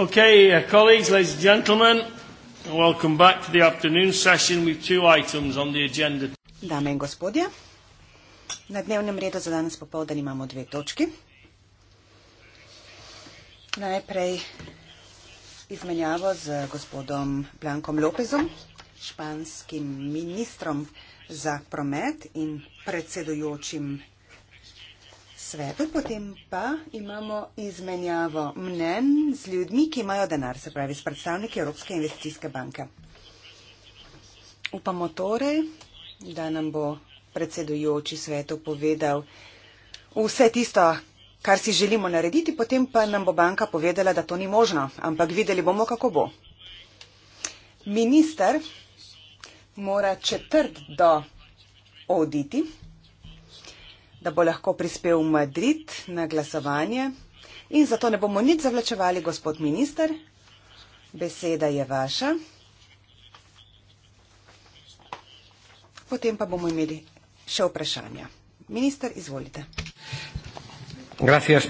Okay, uh, colleagues, ladies and gentlemen, welcome back to the afternoon session with two items on the agenda. Dame in gospodje, na dnevnem redu za danes popovdan imamo dve točki. Najprej izmenjavo z gospodom Blankom Lopezom, španskim ministrom za promet in predsedujočim svetu, potem pa imamo izmenjavo mnen z ljudmi, ki imajo denar, se pravi s predstavniki Evropske investicijske banke. Upamo torej, da nam bo predsedujoči svetu povedal vse tisto, kar si želimo narediti, potem pa nam bo banka povedala, da to ni možno, ampak videli bomo, kako bo. Minister mora četrt do oditi da bo lahko prispel v Madrid na glasovanje in zato ne bomo nič zavlačevali, gospod minister. Beseda je vaša. Potem pa bomo imeli še vprašanja. Minister, izvolite. Gracias,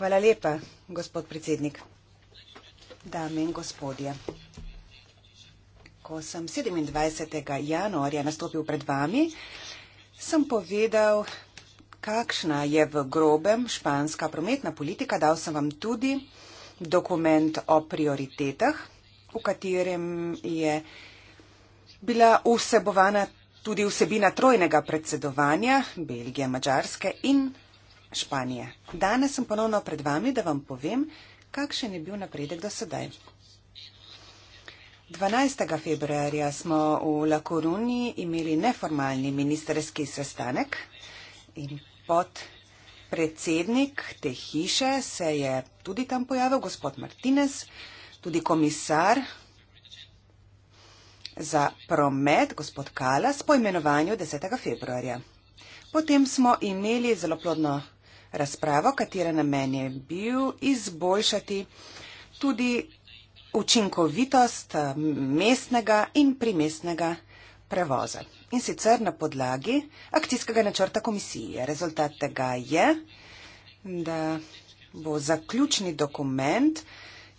Hvala lepa, gospod predsednik. Dame in gospodje, ko sem 27. januarja nastopil pred vami, sem povedal, kakšna je v grobem španska prometna politika. Dal sem vam tudi dokument o prioritetah, v katerem je bila vsebovana tudi vsebina trojnega predsedovanja Belgije, Mačarske in Španije. Danes sem ponovno pred vami, da vam povem, kakšen je bil napredek do sedaj. 12. februarja smo v La Coruni imeli neformalni ministerski sestanek in pod predsednik te hiše se je tudi tam pojavil gospod Martinez, tudi komisar za promet gospod Kala s poimenovanjem 10. februarja. Potem smo imeli zelo plodno razpravo, katera namen je bil izboljšati tudi učinkovitost eh, mestnega in primestnega prevoza. In sicer na podlagi akcijskega načrta komisije. Rezultat tega je, da bo zaključni dokument,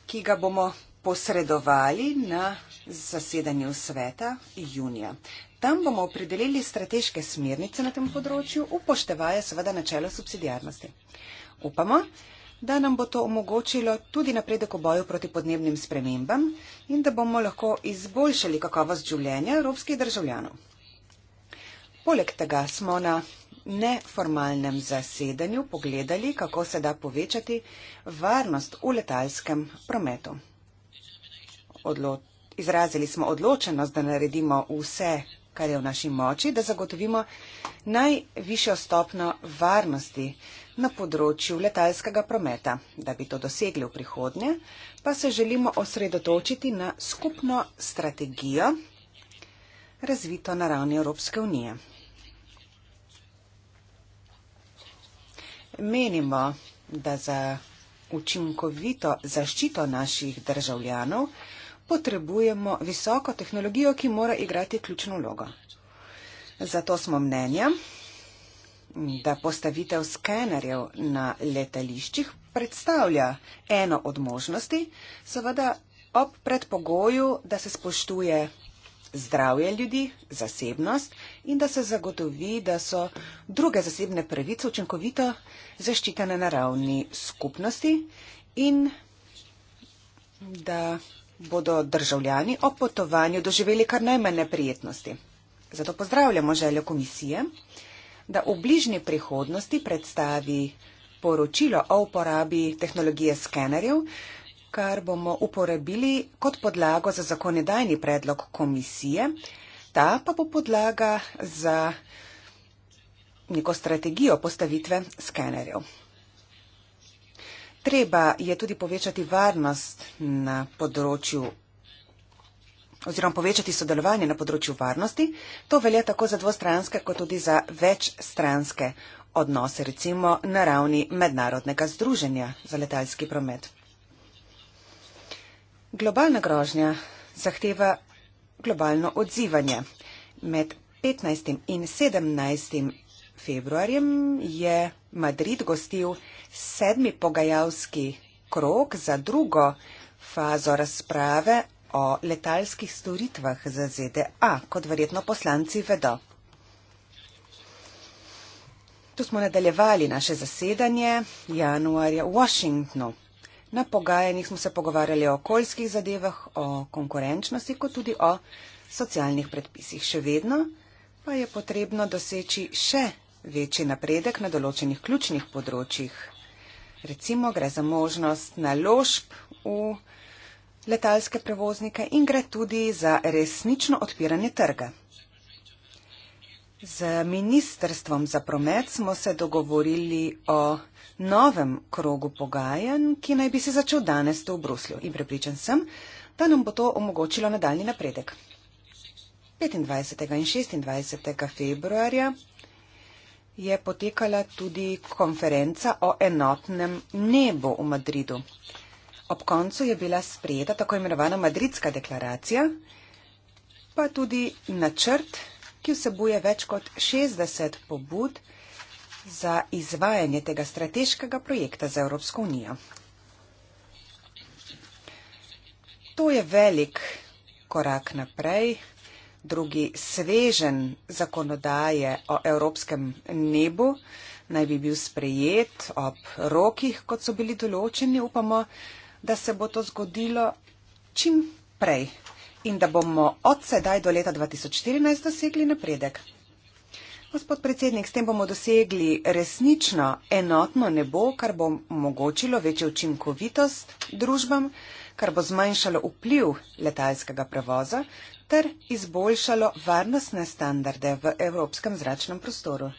ki ga bomo posredovali na zasedanju sveta junija. Tam bomo opredelili strateške smernice na tem področju, upoštevaje seveda načelo subsidijarnosti. Upamo, da nam bo to omogočilo tudi napredek v boju proti podnebnim spremembam in da bomo lahko izboljšali kakovost življenja evropskih državljanov. Poleg tega smo na neformalnem zasedanju pogledali, kako se da povečati varnost v letalskem prometu. Odlo izrazili smo odločenost, da naredimo vse, kar je v naši moči, da zagotovimo najvišjo stopno varnosti na področju letalskega prometa. Da bi to dosegli v prihodnje, pa se želimo osredotočiti na skupno strategijo, razvito na ravni Evropske unije. Menimo, da za učinkovito zaščito naših državljanov potrebujemo visoko tehnologijo, ki mora igrati ključno vlogo. Zato smo mnenja, da postavitev skenerjev na letališčih predstavlja eno od možnosti, seveda ob predpogoju, da se spoštuje zdravje ljudi, zasebnost in da se zagotovi, da so druge zasebne pravice učinkovito zaščitene na ravni skupnosti in da bodo državljani ob potovanju doživeli kar najmanj neprijetnosti. Zato pozdravljamo željo komisije, da v bližnji prihodnosti predstavi poročilo o uporabi tehnologije skenerjev, kar bomo uporabili kot podlago za zakonodajni predlog komisije, ta pa bo podlaga za neko strategijo postavitve skenerjev. Treba je tudi povečati varnost na področju oziroma povečati sodelovanje na področju varnosti. To velja tako za dvostranske, kot tudi za večstranske odnose, recimo na ravni mednarodnega združenja za letalski promet. Globalna grožnja zahteva globalno odzivanje. Med 15. in 17 februarjem je Madrid gostil sedmi pogajalski krok za drugo fazo razprave o letalskih storitvah za ZDA, kot verjetno poslanci vedo. Tu smo nadaljevali naše zasedanje januarja v Washingtonu. Na pogajanjih smo se pogovarjali o okoljskih zadevah, o konkurenčnosti, kot tudi o socialnih predpisih. Še vedno pa je potrebno doseči še večji napredek na določenih ključnih področjih. Recimo gre za možnost naložb v letalske prevoznike in gre tudi za resnično odpiranje trga. Z Ministrstvom za promet smo se dogovorili o novem krogu pogajanj, ki naj bi se začel danes v Bruslju. In prepričan sem, da nam bo to omogočilo nadaljni napredek. 25. in 26. februarja je potekala tudi konferenca o enotnem nebu v Madridu. Ob koncu je bila sprejeta tako imenovana Madridska deklaracija, pa tudi načrt, ki vsebuje več kot 60 pobud za izvajanje tega strateškega projekta za Evropsko unijo. To je velik korak naprej drugi svežen zakonodaje o evropskem nebu naj bi bil sprejet ob rokih, kot so bili določeni. Upamo, da se bo to zgodilo čim prej in da bomo od sedaj do leta 2014 dosegli napredek. Gospod predsednik, s tem bomo dosegli resnično enotno nebo, kar bo omogočilo večjo učinkovitost družbam, kar bo zmanjšalo vpliv letalskega prevoza, ter izboljšalo varnostne standarde v evropskem zračnem prostoru.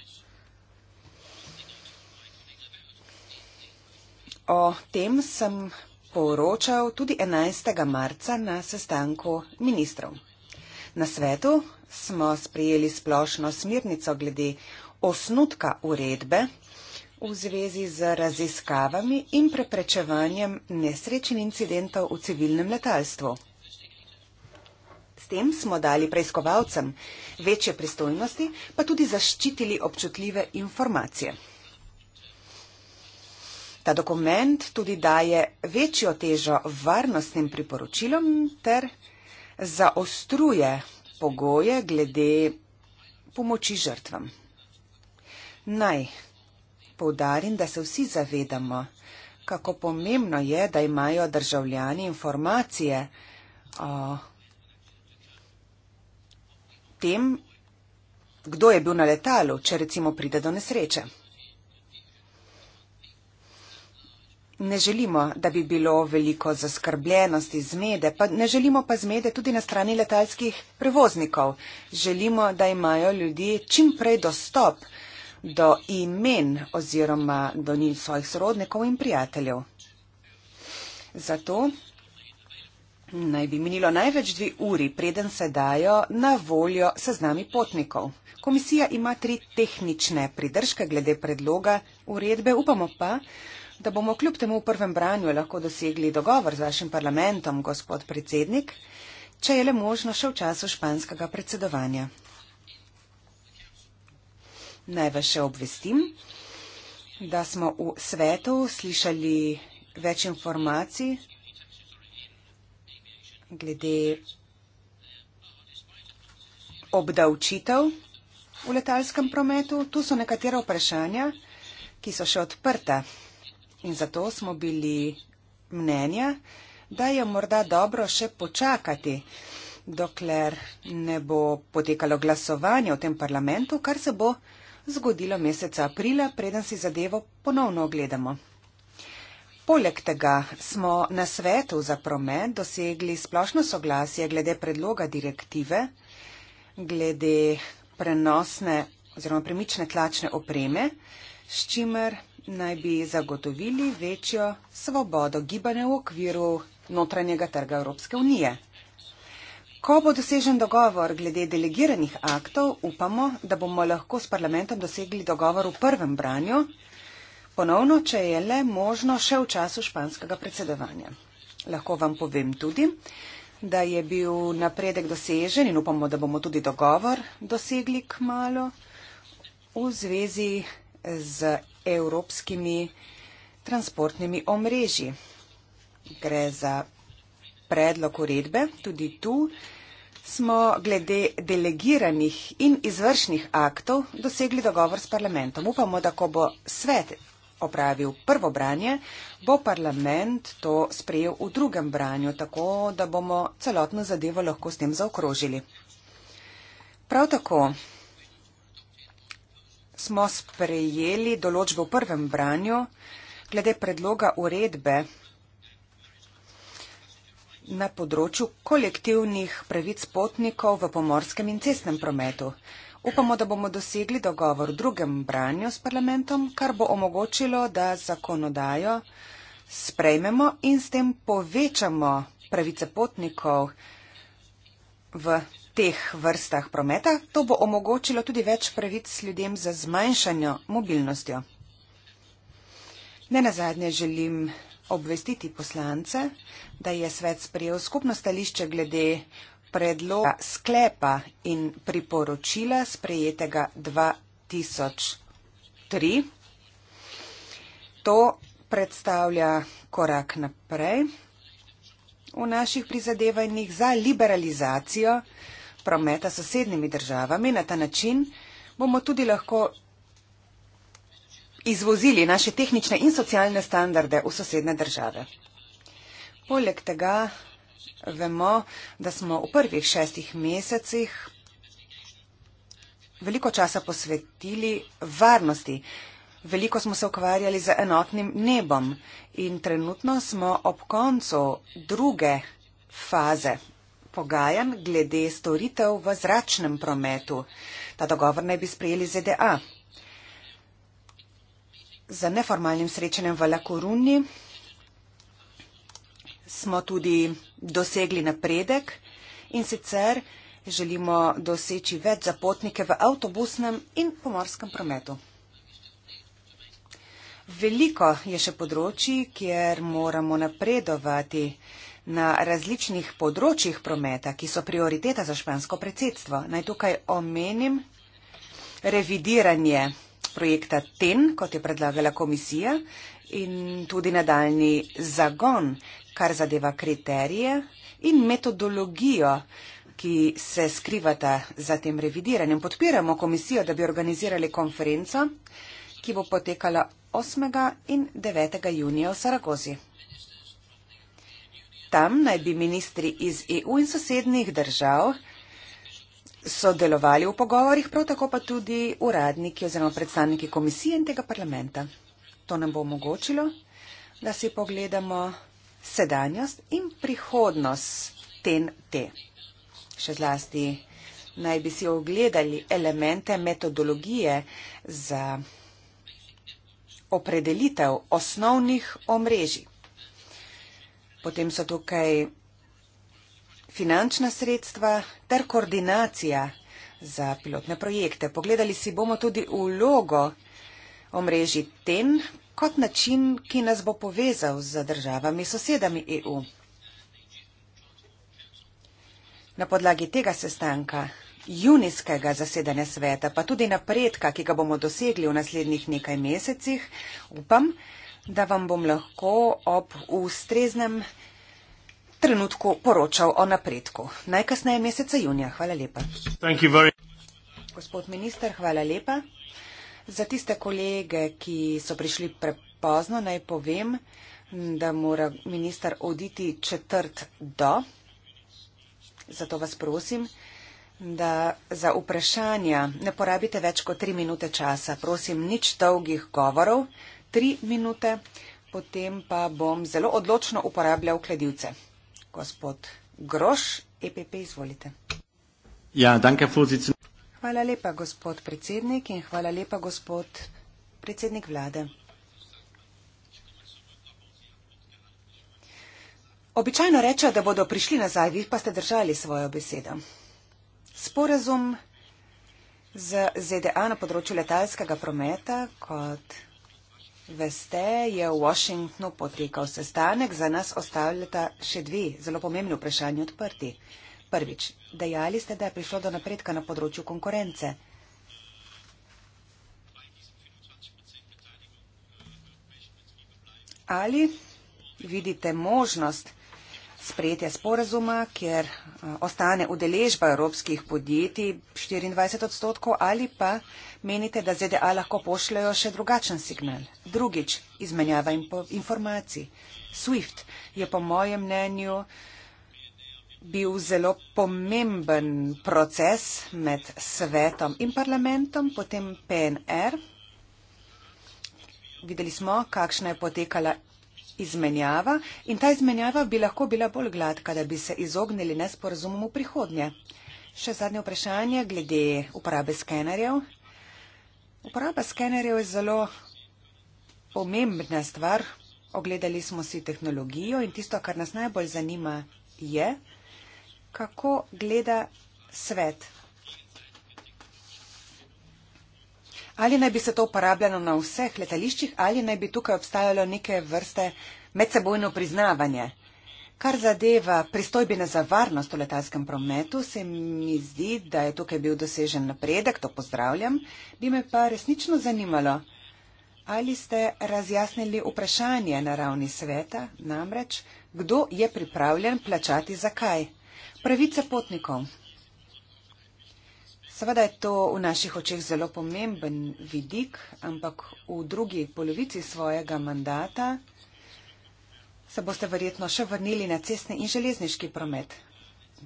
O tem sem poročal tudi 11. marca na sestanku ministrov. Na svetu smo sprejeli splošno smirnico glede osnutka uredbe v zvezi z raziskavami in preprečevanjem nesrečen incidentov v civilnem letalstvu tem smo dali preiskovalcem večje pristojnosti, pa tudi zaščitili občutljive informacije. Ta dokument tudi daje večjo težo varnostnim priporočilom ter zaostruje pogoje glede pomoči žrtvam. Naj povdarim, da se vsi zavedamo, kako pomembno je, da imajo državljani informacije o tem, kdo je bil na letalu, če recimo pride do nesreče. Ne želimo, da bi bilo veliko zaskrbljenosti, zmede, pa ne želimo pa zmede tudi na strani letalskih prevoznikov. Želimo, da imajo ljudje čim prej dostop do imen oziroma do njih svojih sorodnikov in prijateljev. Zato Naj bi minilo največ dve uri, preden se dajo na voljo seznami potnikov. Komisija ima tri tehnične pridržke glede predloga uredbe. Upamo pa, da bomo kljub temu v prvem branju lahko dosegli dogovor z vašim parlamentom, gospod predsednik, če je le možno še v času španskega predsedovanja. Naj vas še obvestim, da smo v svetu slišali več informacij glede obdavčitev v letalskem prometu. Tu so nekatera vprašanja, ki so še odprta in zato smo bili mnenja, da je morda dobro še počakati, dokler ne bo potekalo glasovanje v tem parlamentu, kar se bo zgodilo meseca aprila, preden si zadevo ponovno ogledamo. Poleg tega smo na svetu za promet dosegli splošno soglasje glede predloga direktive, glede prenosne oziroma premične tlačne opreme, s čimer naj bi zagotovili večjo svobodo gibanja v okviru notranjega trga Evropske unije. Ko bo dosežen dogovor glede delegiranih aktov, upamo, da bomo lahko s parlamentom dosegli dogovor v prvem branju, ponovno, če je le možno, še v času španskega predsedovanja. Lahko vam povem tudi, da je bil napredek dosežen in upamo, da bomo tudi dogovor dosegli k malo v zvezi z evropskimi transportnimi omrežji. Gre za predlog uredbe. Tudi tu smo glede delegiranih in izvršnih aktov dosegli dogovor s parlamentom. Upamo, da ko bo svet opravil prvo branje, bo parlament to sprejel v drugem branju, tako da bomo celotno zadevo lahko s tem zaokrožili. Prav tako smo sprejeli določbo v prvem branju glede predloga uredbe na področju kolektivnih pravic potnikov v pomorskem in cestnem prometu. Upamo, da bomo dosegli dogovor v drugem branju s parlamentom, kar bo omogočilo, da zakonodajo sprejmemo in s tem povečamo pravice potnikov v teh vrstah prometa. To bo omogočilo tudi več pravic ljudem za zmanjšanjo mobilnostjo. Ne nazadnje želim obvestiti poslance, da je svet sprejel skupno stališče glede predloga sklepa in priporočila sprejetega 2003. To predstavlja korak naprej v naših prizadevanjih za liberalizacijo prometa s sosednjimi državami. Na ta način bomo tudi lahko izvozili naše tehnične in socialne standarde v sosedne države. Poleg tega Vemo, da smo v prvih šestih mesecih veliko časa posvetili varnosti. Veliko smo se ukvarjali z enotnim nebom in trenutno smo ob koncu druge faze pogajanj glede storitev v zračnem prometu. Ta dogovor naj bi sprejeli ZDA. Za neformalnim srečanjem v Lakoruni smo tudi dosegli napredek in sicer želimo doseči več zapotnike v avtobusnem in pomorskem prometu. Veliko je še področji, kjer moramo napredovati na različnih področjih prometa, ki so prioriteta za špansko predsedstvo. Naj tukaj omenim revidiranje projekta TEN, kot je predlagala komisija, in tudi nadaljni zagon kar zadeva kriterije in metodologijo, ki se skrivata za tem revidiranjem. Podpiramo komisijo, da bi organizirali konferenco, ki bo potekala 8. in 9. junija v Saragozi. Tam naj bi ministri iz EU in sosednjih držav sodelovali v pogovorjih, prav tako pa tudi uradniki oziroma predstavniki komisije in tega parlamenta. To nam bo omogočilo, da si pogledamo sedanjost in prihodnost TNT. Še zlasti naj bi si ogledali elemente metodologije za opredelitev osnovnih omrežij. Potem so tukaj finančna sredstva ter koordinacija za pilotne projekte. Pogledali si bomo tudi vlogo omrežji TEN, kot način, ki nas bo povezal z državami sosedami EU. Na podlagi tega sestanka, junijskega zasedanja sveta, pa tudi napredka, ki ga bomo dosegli v naslednjih nekaj mesecih, upam, da vam bom lahko ob ustreznem trenutku poročal o napredku. Najkasneje meseca junija. Hvala lepa. Gospod minister, hvala lepa. Za tiste kolege, ki so prišli prepozno, naj povem, da mora minister oditi četrt do. Zato vas prosim, da za vprašanja ne porabite več kot tri minute časa. Prosim, nič dolgih govorov, tri minute, potem pa bom zelo odločno uporabljal kladivce. Gospod Groš, EPP, izvolite. Ja, danke, Hvala lepa, gospod predsednik, in hvala lepa, gospod predsednik vlade. Običajno rečejo, da bodo prišli nazaj, vi pa ste držali svojo besedo. Sporazum z ZDA na področju letalskega prometa, kot veste, je v Washingtonu potekal sestanek, za nas ostavljata še dve zelo pomembni vprašanji odprti. Prvič, dejali ste, da je prišlo do napredka na področju konkurence. Ali vidite možnost sprejetja sporazuma, kjer ostane udeležba evropskih podjetij 24 odstotkov ali pa menite, da ZDA lahko pošljajo še drugačen signal? Drugič, izmenjava informacij. SWIFT je po mojem mnenju bil zelo pomemben proces med svetom in parlamentom, potem PNR. Videli smo, kakšna je potekala izmenjava in ta izmenjava bi lahko bila bolj gladka, da bi se izognili nesporazumom v prihodnje. Še zadnje vprašanje glede uporabe skenerjev. Uporaba skenerjev je zelo pomembna stvar. Ogledali smo si tehnologijo in tisto, kar nas najbolj zanima, je, kako gleda svet. Ali naj bi se to uporabljalo na vseh letališčih, ali naj bi tukaj obstajalo neke vrste medsebojno priznavanje. Kar zadeva pristojbine za varnost v letalskem prometu, se mi zdi, da je tukaj bil dosežen napredek, to pozdravljam, bi me pa resnično zanimalo, ali ste razjasnili vprašanje na ravni sveta, namreč, kdo je pripravljen plačati zakaj. Pravice potnikov. Seveda je to v naših očeh zelo pomemben vidik, ampak v drugi polovici svojega mandata se boste verjetno še vrnili na cestni in železniški promet.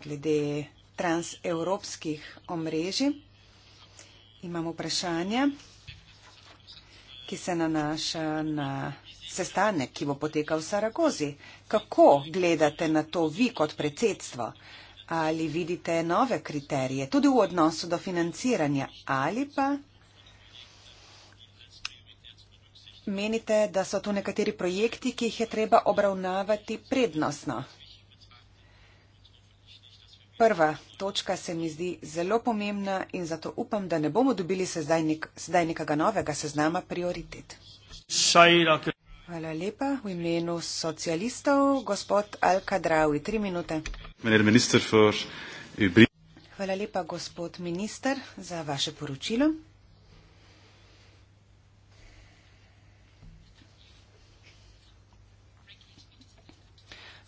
Glede transevropskih omrežij imamo vprašanje, ki se nanaša na sestanek, ki bo potekal v Saragozi. Kako gledate na to vi kot predsedstvo? Ali vidite nove kriterije tudi v odnosu do financiranja ali pa menite, da so tu nekateri projekti, ki jih je treba obravnavati prednostno? Prva točka se mi zdi zelo pomembna in zato upam, da ne bomo dobili sedaj nek, nekega novega seznama prioritet. Sajra. Hvala lepa. V imenu socialistov, gospod Al-Kadravi, tri minute. Hvala lepa, gospod minister, za vaše poročilo.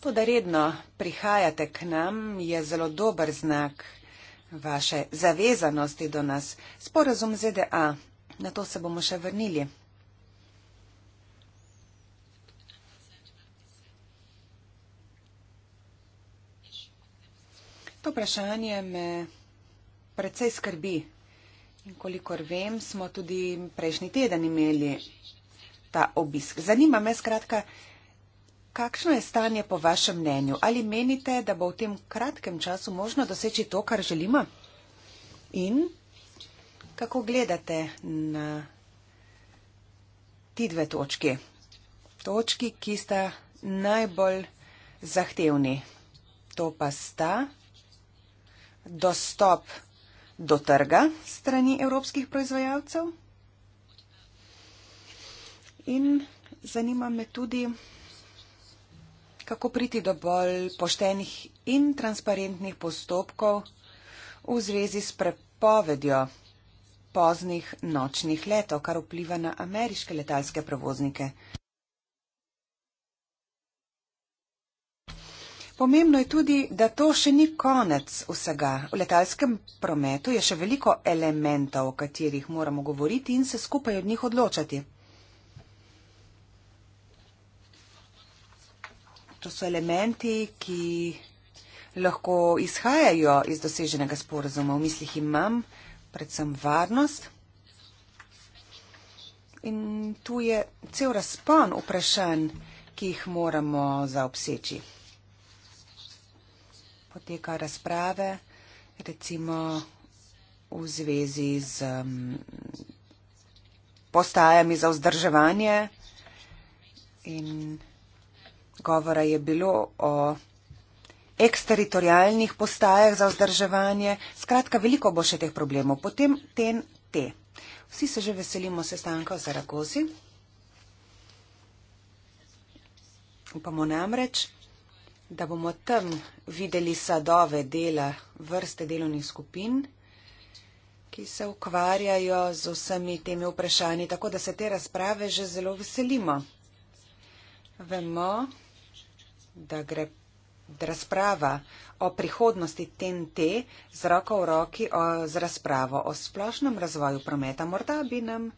To, da redno prihajate k nam, je zelo dober znak vaše zavezanosti do nas. Sporazum ZDA, na to se bomo še vrnili. to vprašanje me predvsej skrbi. In kolikor vem, smo tudi prejšnji teden imeli ta obisk. Zanima me skratka, kakšno je stanje po vašem mnenju? Ali menite, da bo v tem kratkem času možno doseči to, kar želimo? In kako gledate na ti dve točki? Točki, ki sta najbolj zahtevni. To pa sta dostop do trga strani evropskih proizvajalcev. In zanima me tudi, kako priti do bolj poštenih in transparentnih postopkov v zvezi s prepovedjo poznih nočnih letov, kar vpliva na ameriške letalske prevoznike. Pomembno je tudi, da to še ni konec vsega. V letalskem prometu je še veliko elementov, o katerih moramo govoriti in se skupaj od njih odločati. To so elementi, ki lahko izhajajo iz doseženega sporazuma. V mislih imam predvsem varnost. In tu je cel razpon vprašanj, ki jih moramo zaobseči poteka razprave, recimo v zvezi z um, postajami za vzdrževanje in govora je bilo o eksteritorijalnih postajah za vzdrževanje. Skratka, veliko bo še teh problemov. Potem TNT. Vsi se že veselimo sestanka v Zaragozi. Upamo namreč, da bomo tam videli sadove dela vrste delovnih skupin, ki se ukvarjajo z vsemi temi vprašanji, tako da se te razprave že zelo veselimo. Vemo, da gre razprava o prihodnosti TNT z roko v roki o, z razpravo o splošnem razvoju prometa. Morda bi nam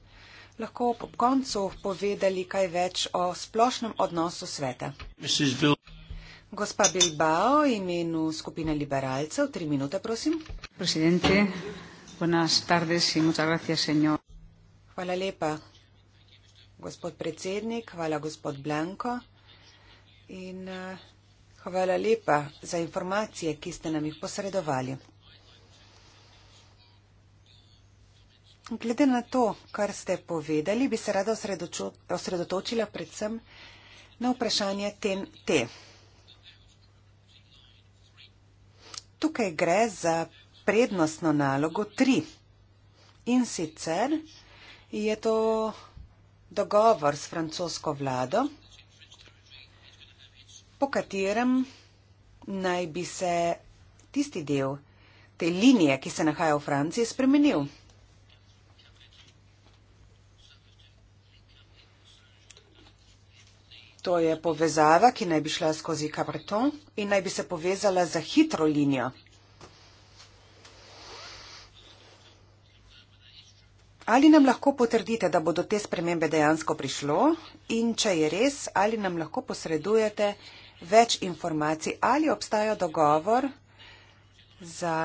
lahko ob koncu povedali kaj več o splošnem odnosu sveta. Gospa Bilbao, imenu skupine liberalcev, tri minute, prosim. Presidente, buenas tardes in muchas gracias, señor. Hvala lepa, gospod predsednik, hvala gospod Blanko in eh, hvala lepa za informacije, ki ste nam jih posredovali. Glede na to, kar ste povedali, bi se rada osredotočila predvsem na vprašanje TNT. Tukaj gre za prednostno nalogo 3. In sicer je to dogovor s francosko vlado, po katerem naj bi se tisti del te linije, ki se nahaja v Franciji, spremenil. To je povezava, ki naj bi šla skozi Cabreton in naj bi se povezala za hitro linijo. Ali nam lahko potrdite, da bo do te spremembe dejansko prišlo in če je res, ali nam lahko posredujete več informacij, ali obstaja dogovor za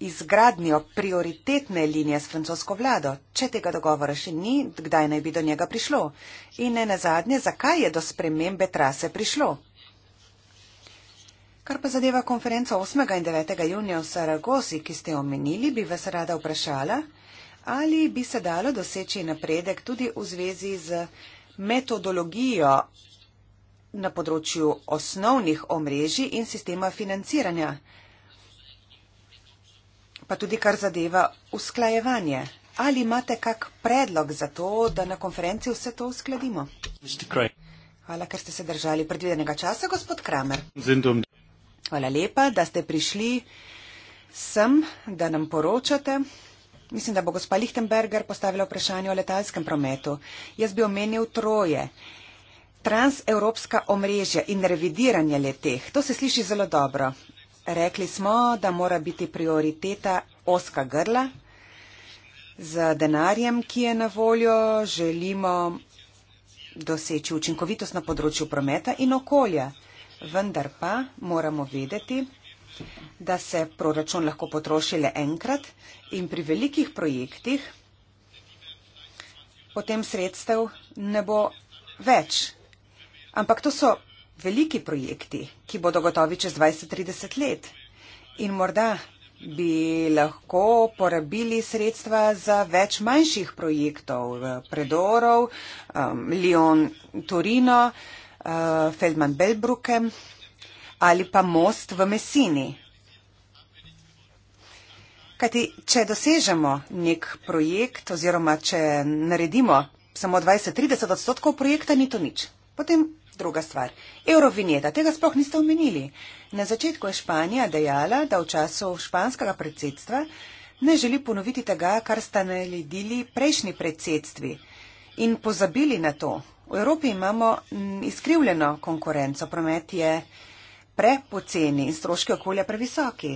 izgradnjo prioritetne linije s francosko vlado, če tega dogovora še ni, kdaj naj bi do njega prišlo in ne nazadnje, zakaj je do spremembe trase prišlo. Kar pa zadeva konferenco 8. in 9. junija v Saragosi, ki ste omenili, bi vas rada vprašala, ali bi se dalo doseči napredek tudi v zvezi z metodologijo na področju osnovnih omrežij in sistema financiranja pa tudi kar zadeva usklajevanje. Ali imate kak predlog za to, da na konferenci vse to uskladimo? Hvala, ker ste se držali predvidenega časa, gospod Kramer. Hvala lepa, da ste prišli sem, da nam poročate. Mislim, da bo gospa Lichtenberger postavila vprašanje o letalskem prometu. Jaz bi omenil troje. Transevropska omrežja in revidiranje leteh. To se sliši zelo dobro rekli smo, da mora biti prioriteta oska grla. Z denarjem, ki je na voljo, želimo doseči učinkovitost na področju prometa in okolja. Vendar pa moramo vedeti, da se proračun lahko potroši le enkrat in pri velikih projektih potem sredstev ne bo več. Ampak to so veliki projekti, ki bodo gotovi čez 20-30 let. In morda bi lahko porabili sredstva za več manjših projektov, eh, predorov, um, Lyon Torino, uh, Feldman Belbruke ali pa most v Messini. Kajti, če dosežemo nek projekt oziroma če naredimo samo 20-30 odstotkov projekta, ni to nič. Potem Druga stvar. Eurovinjeta, tega sploh niste omenili. Na začetku je Španija dejala, da v času španskega predsedstva ne želi ponoviti tega, kar sta naredili prejšnji predsedstvi in pozabili na to. V Evropi imamo mm, izkrivljeno konkurenco, promet je prepoceni in stroški okolja previsoki.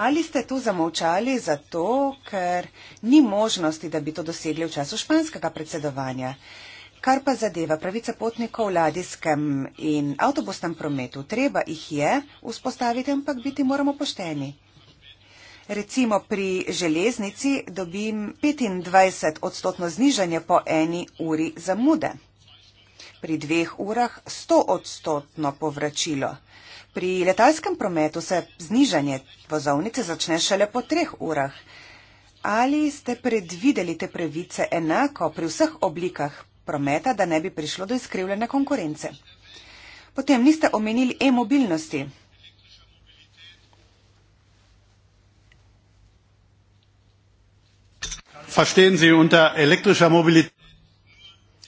Ali ste to zamovčali zato, ker ni možnosti, da bi to dosegli v času španskega predsedovanja? Kar pa zadeva pravice potnikov v ladijskem in avtobusnem prometu, treba jih je vzpostaviti, ampak biti moramo pošteni. Recimo pri železnici dobim 25 odstotno znižanje po eni uri zamude, pri dveh urah 100 odstotno povračilo. Pri letalskem prometu se znižanje vozovnice začne šele po treh urah. Ali ste predvideli te pravice enako pri vseh oblikah prometa, da ne bi prišlo do izkrivljene konkurence. Potem niste omenili e-mobilnosti.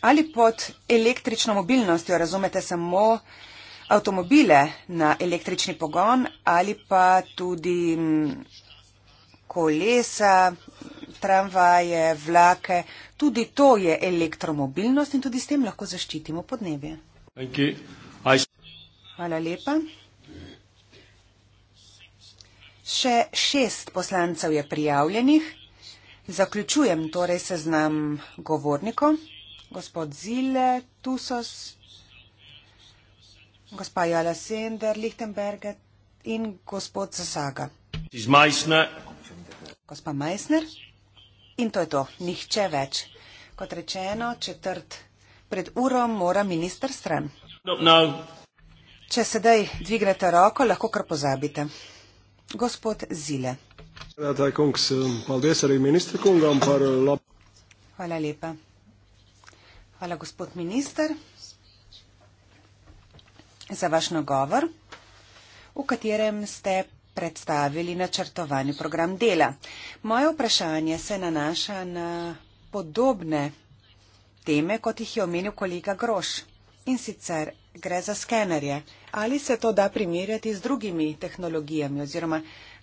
Ali pod električno mobilnostjo razumete samo avtomobile na električni pogon ali pa tudi mm, kolesa? tramvaje, vlake. Tudi to je elektromobilnost in tudi s tem lahko zaščitimo podnebje. Hvala lepa. Še šest poslancev je prijavljenih. Zaključujem torej seznam govornikov. Gospod Zile, Tusos, gospa Jala Sender, Lichtenberg in gospod Zasaga. Gospa Meissner. In to je to, nihče več. Kot rečeno, četrt pred uro mora minister stran. No, no. Če sedaj dvignete roko, lahko kar pozabite. Gospod Zile. Eh, Hvala lepa. Hvala, gospod minister, za vaš nagovor, v katerem ste predstavili načrtovani program dela. Moje vprašanje se nanaša na podobne teme, kot jih je omenil kolega Groš. In sicer gre za skenerje. Ali se to da primerjati z drugimi tehnologijami oziroma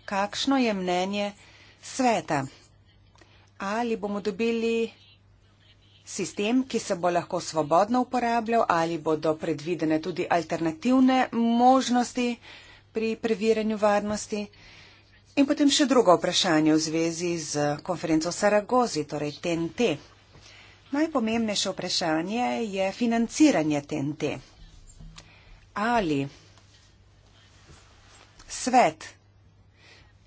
kakšno je mnenje sveta? Ali bomo dobili sistem, ki se bo lahko svobodno uporabljal ali bodo predvidene tudi alternativne možnosti? pri preverjanju varnosti. In potem še drugo vprašanje v zvezi z konferenco v Saragozi, torej TNT. Najpomembnejše vprašanje je financiranje TNT. Ali svet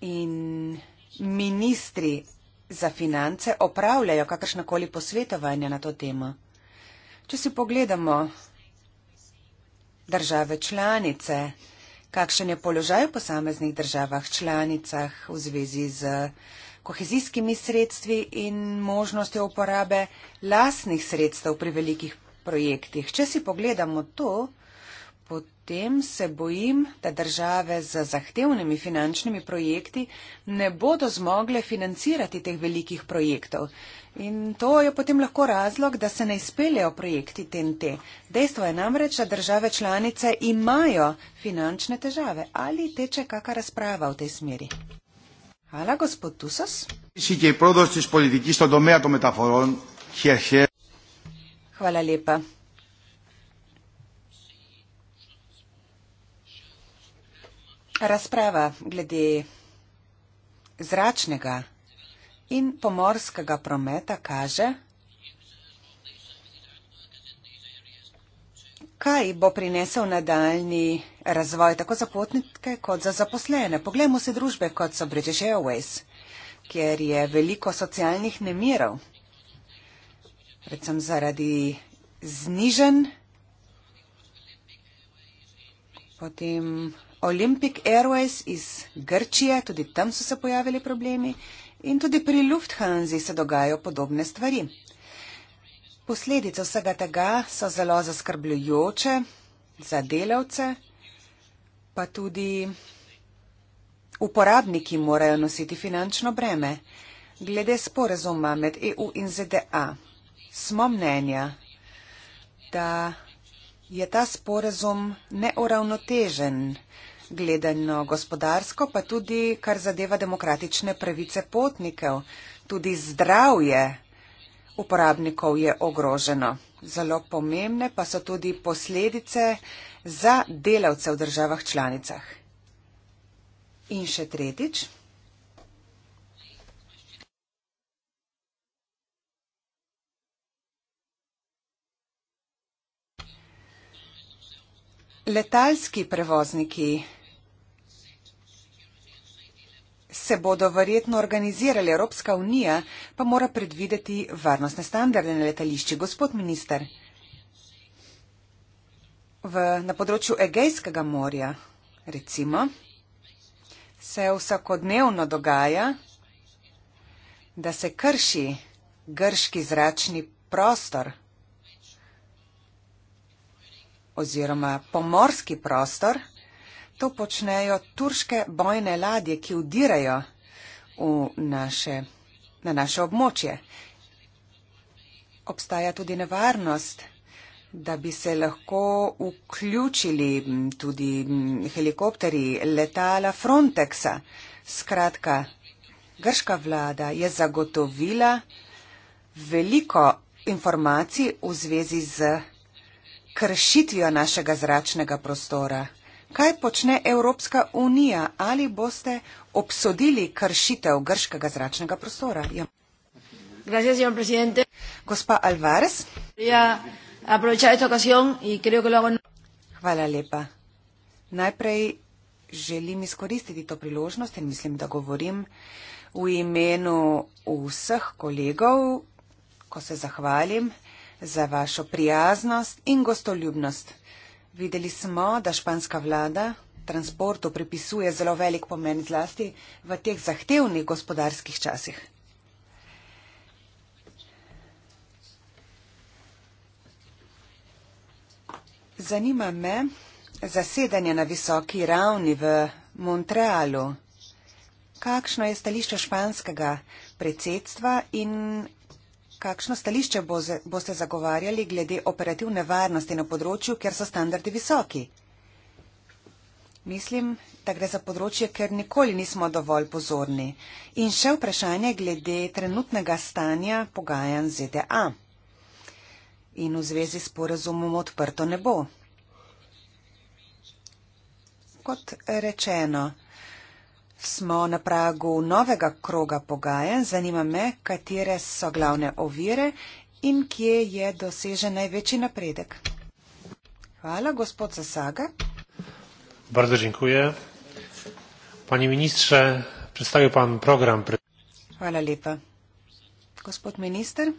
in ministri za finance opravljajo kakršnakoli posvetovanja na to temo? Če si pogledamo države članice, kakšen je položaj v posameznih državah članicah v zvezi z kohezijskimi sredstvi in možnostjo uporabe lasnih sredstev pri velikih projektih. Če si pogledamo to, potem se bojim, da države z zahtevnimi finančnimi projekti ne bodo zmogle financirati teh velikih projektov. In to je potem lahko razlog, da se ne izpeljejo projekti TNT. Dejstvo je namreč, da države članice imajo finančne težave. Ali teče kakšna razprava v tej smeri? Hvala, gospod Tusos. Hvala lepa. Razprava glede zračnega in pomorskega prometa kaže, kaj bo prinesel nadaljni razvoj tako za potnike kot za zaposlene. Poglejmo se družbe kot so British Airways, kjer je veliko socialnih nemirov, predvsem zaradi znižen. Potem Olympic Airways iz Grčije, tudi tam so se pojavili problemi in tudi pri Lufthansi se dogajajo podobne stvari. Posledice vsega tega so zelo zaskrbljujoče za delavce, pa tudi uporabniki morajo nositi finančno breme. Glede sporazuma med EU in ZDA smo mnenja, da je ta sporazum neuravnotežen, gledano gospodarsko, pa tudi kar zadeva demokratične pravice potnikov. Tudi zdravje uporabnikov je ogroženo. Zelo pomembne pa so tudi posledice za delavce v državah članicah. In še tretjič. Letalski prevozniki se bodo verjetno organizirali. Evropska unija pa mora predvideti varnostne standarde na letališči. Gospod minister, v, na področju Egejskega morja, recimo, se vsakodnevno dogaja, da se krši grški zračni prostor oziroma pomorski prostor, To počnejo turške bojne ladje, ki udirajo naše, na naše območje. Obstaja tudi nevarnost, da bi se lahko vključili tudi helikopteri letala Frontexa. Skratka, grška vlada je zagotovila veliko informacij v zvezi z kršitvijo našega zračnega prostora. Kaj počne Evropska unija? Ali boste obsodili kršitev grškega zračnega prostora? Ja. Gracias, señor presidente. Gospa Alvarez. Hvala lepa. Najprej želim izkoristiti to priložnost in mislim, da govorim v imenu vseh kolegov, ko se zahvalim za vašo prijaznost in gostoljubnost. Videli smo, da španska vlada transportu pripisuje zelo velik pomen zlasti v teh zahtevnih gospodarskih časih. Zanima me zasedanje na visoki ravni v Montrealu. Kakšno je stališče španskega predsedstva in Kakšno stališče boste zagovarjali glede operativne varnosti na področju, kjer so standardi visoki? Mislim, da gre za področje, ker nikoli nismo dovolj pozorni. In še vprašanje glede trenutnega stanja pogajanj ZDA in v zvezi s porazumom odprto nebo. Kot rečeno, smo na pragu novega kroga pogajanj. Zanima me, katere so glavne ovire in kje je dosežen največji napredek. Hvala, gospod Zasaga. Bardzo dziękuję. Panie ministrze, przedstawił pan program. Hvala lepa. Gospod minister.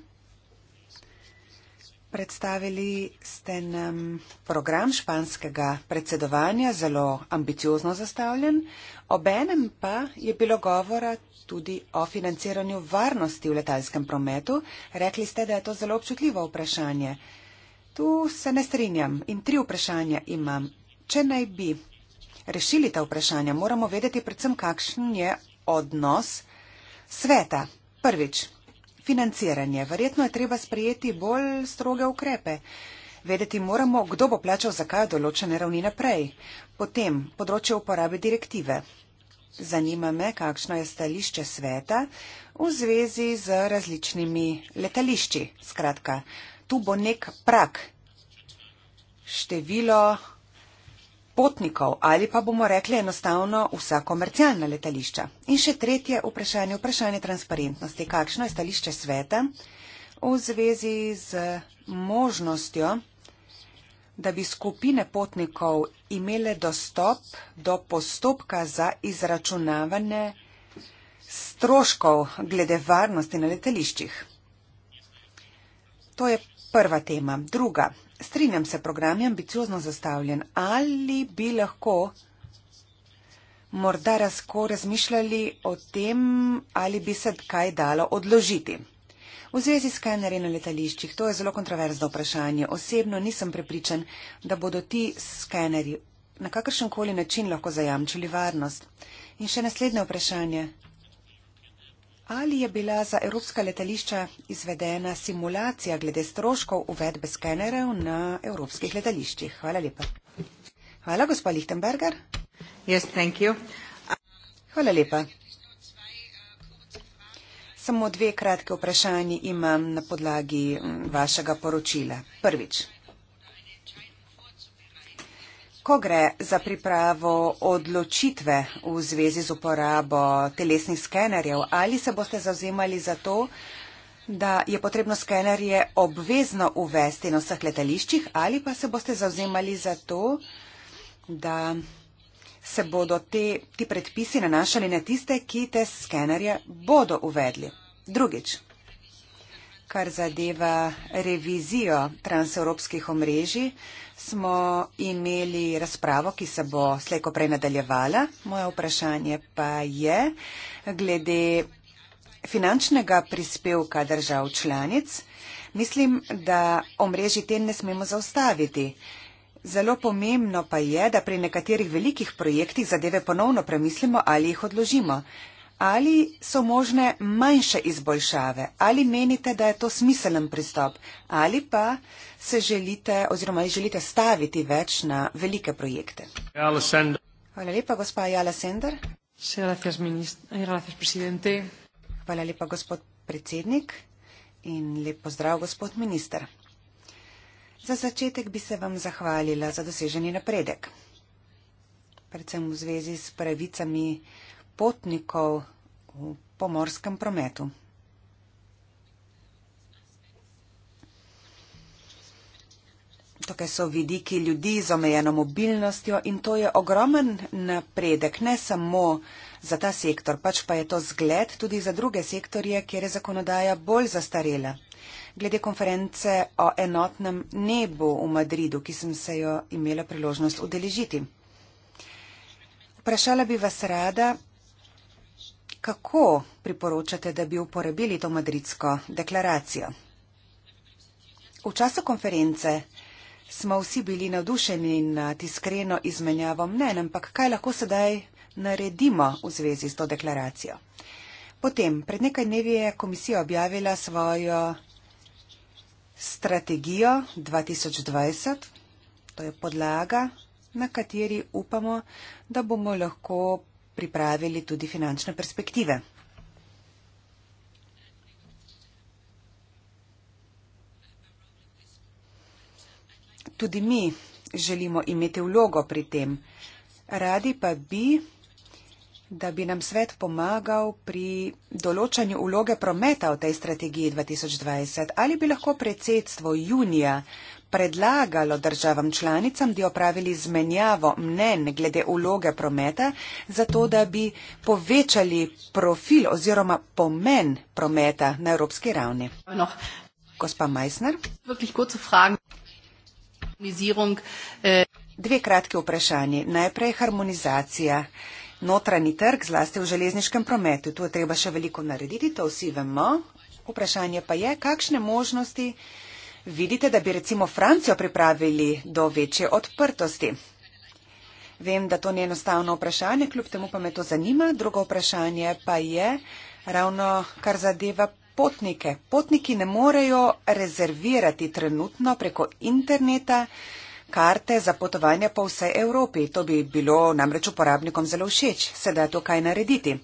Predstavili ste nam program španskega predsedovanja, zelo ambiciozno zastavljen, obenem pa je bilo govora tudi o financiranju varnosti v letalskem prometu. Rekli ste, da je to zelo občutljivo vprašanje. Tu se ne strinjam in tri vprašanja imam. Če naj bi rešili ta vprašanja, moramo vedeti predvsem, kakšen je odnos sveta. Prvič, financiranje. Verjetno je treba sprejeti bolj stroge ukrepe. Vedeti moramo, kdo bo plačal za kaj določene ravni naprej. Potem področje uporabe direktive. Zanima me, kakšno je stališče sveta v zvezi z različnimi letališči. Skratka, tu bo nek prak. Število potnikov ali pa bomo rekli enostavno vsa komercialna letališča. In še tretje vprašanje, vprašanje transparentnosti. Kakšno je stališče sveta v zvezi z možnostjo, da bi skupine potnikov imele dostop do postopka za izračunavanje stroškov glede varnosti na letališčih? To je prva tema. Druga. Strinjam se, program je ambiciozno zastavljen. Ali bi lahko morda razko razmišljali o tem, ali bi se kaj dalo odložiti? V zvezi s skenerji na letališčih, to je zelo kontroverzno vprašanje. Osebno nisem prepričan, da bodo ti skenerji na kakršen koli način lahko zajamčili varnost. In še naslednje vprašanje. Ali je bila za evropska letališča izvedena simulacija glede stroškov uvedbe skenerjev na evropskih letališčih? Hvala lepa. Hvala, gospod Lichtenberger. Yes, thank you. Hvala lepa. Samo dve kratke vprašanje imam na podlagi vašega poročila. Prvič. Ko gre za pripravo odločitve v zvezi z uporabo telesnih skenerjev, ali se boste zauzemali za to, da je potrebno skenerje obvezno uvesti na vseh letališčih, ali pa se boste zauzemali za to, da se bodo te, ti predpisi nanašali na tiste, ki te skenerje bodo uvedli. Drugič kar zadeva revizijo transevropskih omrežij, smo imeli razpravo, ki se bo slejko prej nadaljevala. Moje vprašanje pa je glede finančnega prispevka držav članic. Mislim, da omrežji tem ne smemo zaustaviti. Zelo pomembno pa je, da pri nekaterih velikih projektih zadeve ponovno premislimo ali jih odložimo. Ali so možne manjše izboljšave, ali menite, da je to smiselen pristop, ali pa se želite oziroma želite staviti več na velike projekte? Hvala lepa, gospa Jala Sender. Eh, Hvala lepa, gospod predsednik in lep pozdrav, gospod minister. Za začetek bi se vam zahvalila za doseženi napredek, predvsem v zvezi s pravicami potnikov v pomorskem prometu. Tukaj so vidiki ljudi z omejeno mobilnostjo in to je ogromen napredek, ne samo za ta sektor, pač pa je to zgled tudi za druge sektorje, kjer je zakonodaja bolj zastarela. Glede konference o enotnem nebu v Madridu, ki sem se jo imela priložnost udeležiti. Vprašala bi vas rada, kako priporočate, da bi uporabili to madridsko deklaracijo? V času konference smo vsi bili navdušeni nad iskreno izmenjavo mnen, ampak kaj lahko sedaj naredimo v zvezi s to deklaracijo? Potem, pred nekaj dnevi je komisija objavila svojo strategijo 2020, to je podlaga, na kateri upamo, da bomo lahko pripravili tudi finančne perspektive. Tudi mi želimo imeti vlogo pri tem. Radi pa bi, da bi nam svet pomagal pri določanju vloge prometa v tej strategiji 2020. Ali bi lahko predsedstvo junija predlagalo državam članicam, da bi opravili zmenjavo mnen glede uloge prometa, zato da bi povečali profil oziroma pomen prometa na evropski ravni. Gospa Meissner. Äh, Dve kratki vprašanji. Najprej harmonizacija. Notranji trg, zlasti v železniškem prometu, tu je treba še veliko narediti, to vsi vemo. Vprašanje pa je, kakšne možnosti vidite, da bi recimo Francijo pripravili do večje odprtosti? Vem, da to ni enostavno vprašanje, kljub temu pa me to zanima. Drugo vprašanje pa je ravno kar zadeva. Potnike. Potniki ne morejo rezervirati trenutno preko interneta karte za potovanja po vsej Evropi. To bi bilo namreč uporabnikom zelo všeč. Sedaj je to kaj narediti.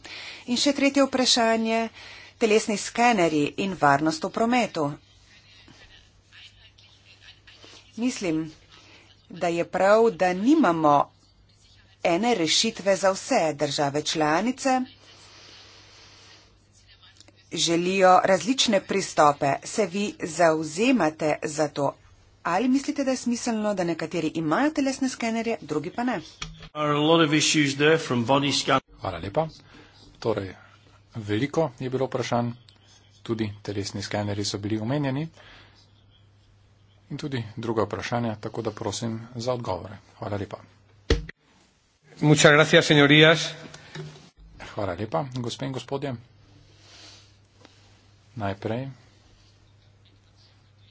In še tretje vprašanje. Telesni skeneri in varnost v prometu. Mislim, da je prav, da nimamo ene rešitve za vse države članice. Želijo različne pristope. Se vi zauzemate za to? Ali mislite, da je smiselno, da nekateri imajo telesne skenerje, drugi pa ne? Hvala lepa. Torej, veliko je bilo vprašanj, tudi telesni skeneri so bili omenjeni in tudi druga vprašanja, tako da prosim za odgovore. Hvala lepa. Hvala lepa, gospe in gospodje. Najprej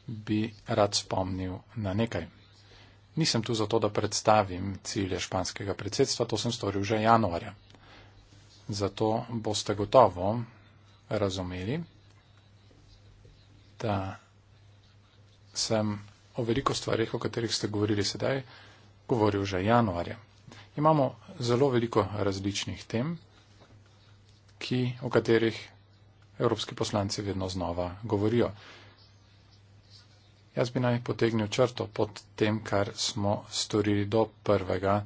bi rad spomnil na nekaj. Nisem tu zato, da predstavim cilje španskega predsedstva, to sem storil že januarja. Zato boste gotovo razumeli, da sem o veliko stvarih, o katerih ste govorili sedaj, govoril že januarja. Imamo zelo veliko različnih tem, ki, o katerih evropski poslanci vedno znova govorijo. Jaz bi naj potegnil črto pod tem, kar smo storili do prvega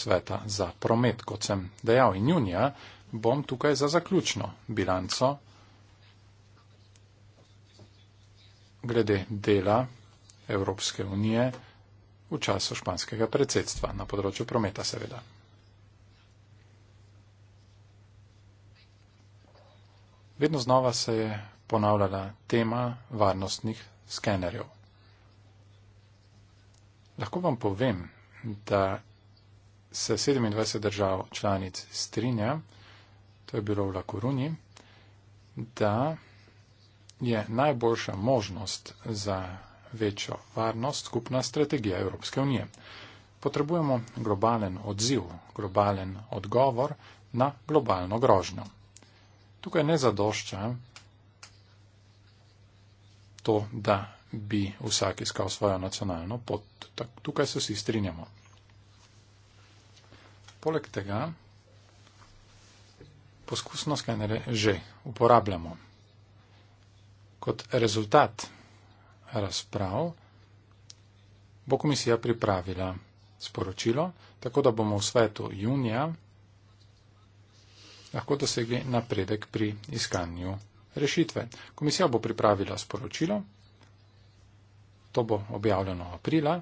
sveta za promet, kot sem dejal. In junija bom tukaj za zaključno bilanco glede dela Evropske unije v času španskega predsedstva na področju prometa seveda. Vedno znova se je ponavljala tema varnostnih skenerjev. Lahko vam povem, da se 27 držav članic strinja, to je bilo v Lakuruni, da je najboljša možnost za večjo varnost skupna strategija Evropske unije. Potrebujemo globalen odziv, globalen odgovor na globalno grožnjo. Tukaj ne zadošča to, da bi vsak iskal svojo nacionalno pot. Tukaj se vsi strinjamo. Poleg tega poskusno skenere že uporabljamo. Kot rezultat razprav bo komisija pripravila sporočilo, tako da bomo v svetu junija lahko dosegli napredek pri iskanju rešitve. Komisija bo pripravila sporočilo, to bo objavljeno aprila,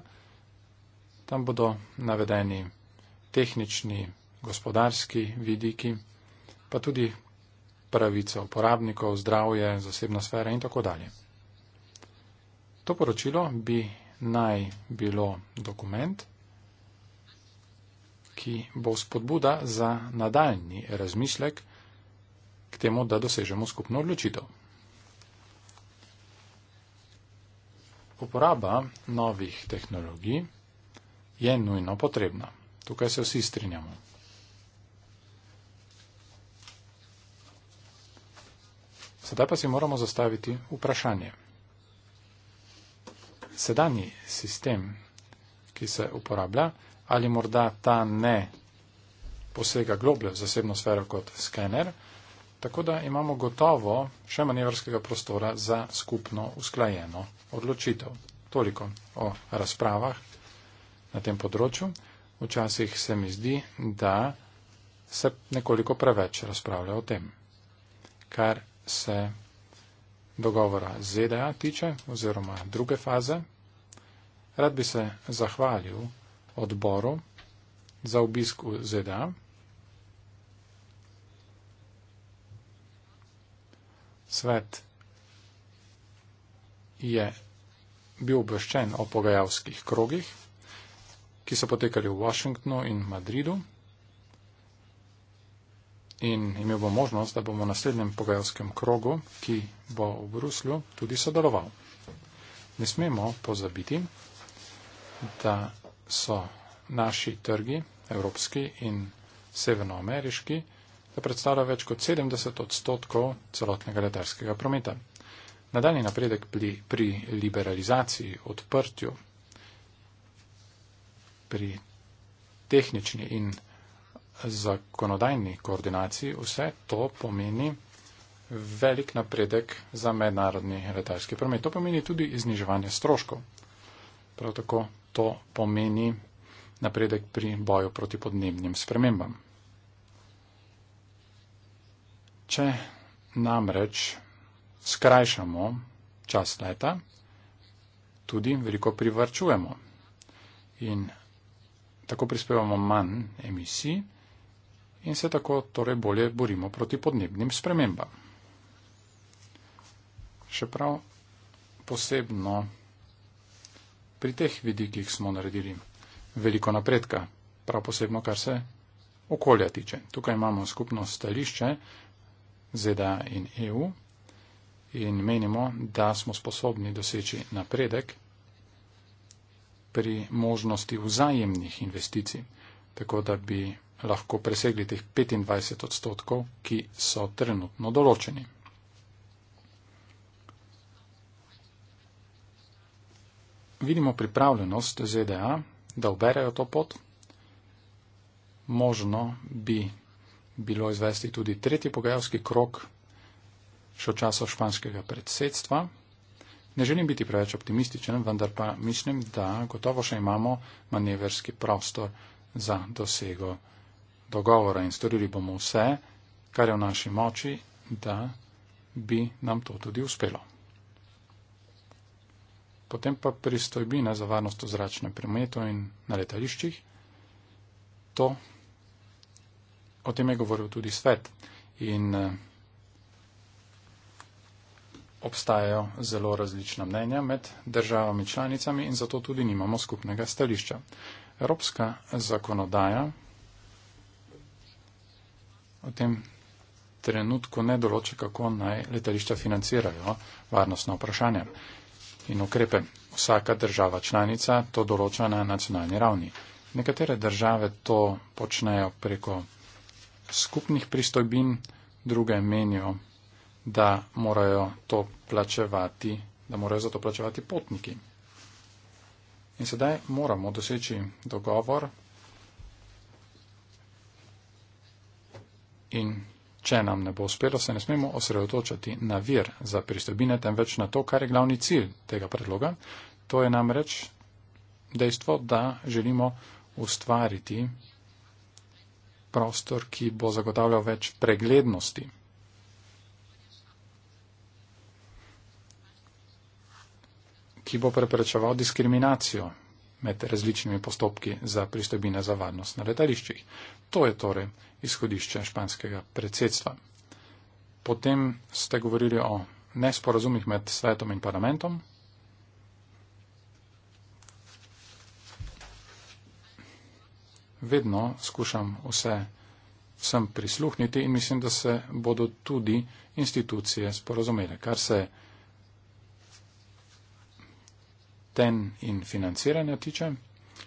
tam bodo navedeni tehnični, gospodarski vidiki, pa tudi pravico uporabnikov, zdravje, zasebna sfera in tako dalje. To poročilo bi naj bilo dokument, ki bo spodbuda za nadaljni razmislek k temu, da dosežemo skupno odločitev. Uporaba novih tehnologij je nujno potrebna. Tukaj se vsi strinjamo. Sedaj pa si moramo zastaviti vprašanje. Sedanji sistem, ki se uporablja, ali morda ta ne posega globlje v zasebno sfero kot skener, tako da imamo gotovo še manevrskega prostora za skupno usklajeno odločitev. Toliko o razpravah na tem področju. Včasih se mi zdi, da se nekoliko preveč razpravlja o tem, kar se dogovora ZDA tiče oziroma druge faze. Rad bi se zahvalil odboru za obisk v ZDA. Svet je bil obveščen o pogajalskih krogih, ki so potekali v Washingtonu in Madridu in imel bo možnost, da bom v naslednjem pogajalskem krogu, ki bo v Bruslju, tudi sodeloval. Ne smemo pozabiti, da so naši trgi, evropski in severnoameriški, da predstavlja več kot 70 odstotkov celotnega letarskega prometa. Nadaljni napredek pri, pri liberalizaciji, odprtju, pri tehnični in zakonodajni koordinaciji, vse to pomeni velik napredek za mednarodni letalski promet. To pomeni tudi izniževanje stroškov. Prav tako to pomeni napredek pri boju proti podnebnim spremembam. Če namreč skrajšamo čas leta, tudi veliko privrčujemo in tako prispevamo manj emisij in se tako torej bolje borimo proti podnebnim spremembam. Še prav posebno pri teh vidikih smo naredili veliko napredka, prav posebno kar se okolja tiče. Tukaj imamo skupno stališče ZDA in EU in menimo, da smo sposobni doseči napredek pri možnosti vzajemnih investicij, tako da bi lahko presegli teh 25 odstotkov, ki so trenutno določeni. Vidimo pripravljenost ZDA, da uberajo to pot. Možno bi bilo izvesti tudi tretji pogajalski krok še v času španskega predsedstva. Ne želim biti preveč optimističen, vendar pa mislim, da gotovo še imamo manevrski prostor za dosego dogovora in storili bomo vse, kar je v naši moči, da bi nam to tudi uspelo. Potem pa pristojbina za varnost v zračnem prometu in na letališčih. To, o tem je govoril tudi svet in eh, obstajajo zelo različna mnenja med državami članicami in zato tudi nimamo skupnega stališča. Evropska zakonodaja v tem trenutku ne določa, kako naj letališča financirajo varnostno vprašanje in ukrepe. Vsaka država članica to določa na nacionalni ravni. Nekatere države to počnejo preko skupnih pristojbin, druge menijo, da morajo to plačevati, da morajo za to plačevati potniki. In sedaj moramo doseči dogovor in če nam ne bo uspelo, se ne smemo osredotočati na vir za pristojbine, temveč na to, kar je glavni cilj tega predloga. To je namreč dejstvo, da želimo ustvariti prostor, ki bo zagotavljal več preglednosti. ki bo preprečeval diskriminacijo med različnimi postopki za pristojbine za varnost na letališčih. To je torej izhodišče španskega predsedstva. Potem ste govorili o nesporazumih med svetom in parlamentom. Vedno skušam vse sem prisluhniti in mislim, da se bodo tudi institucije sporozumele. Kar se ten in financiranja tiče,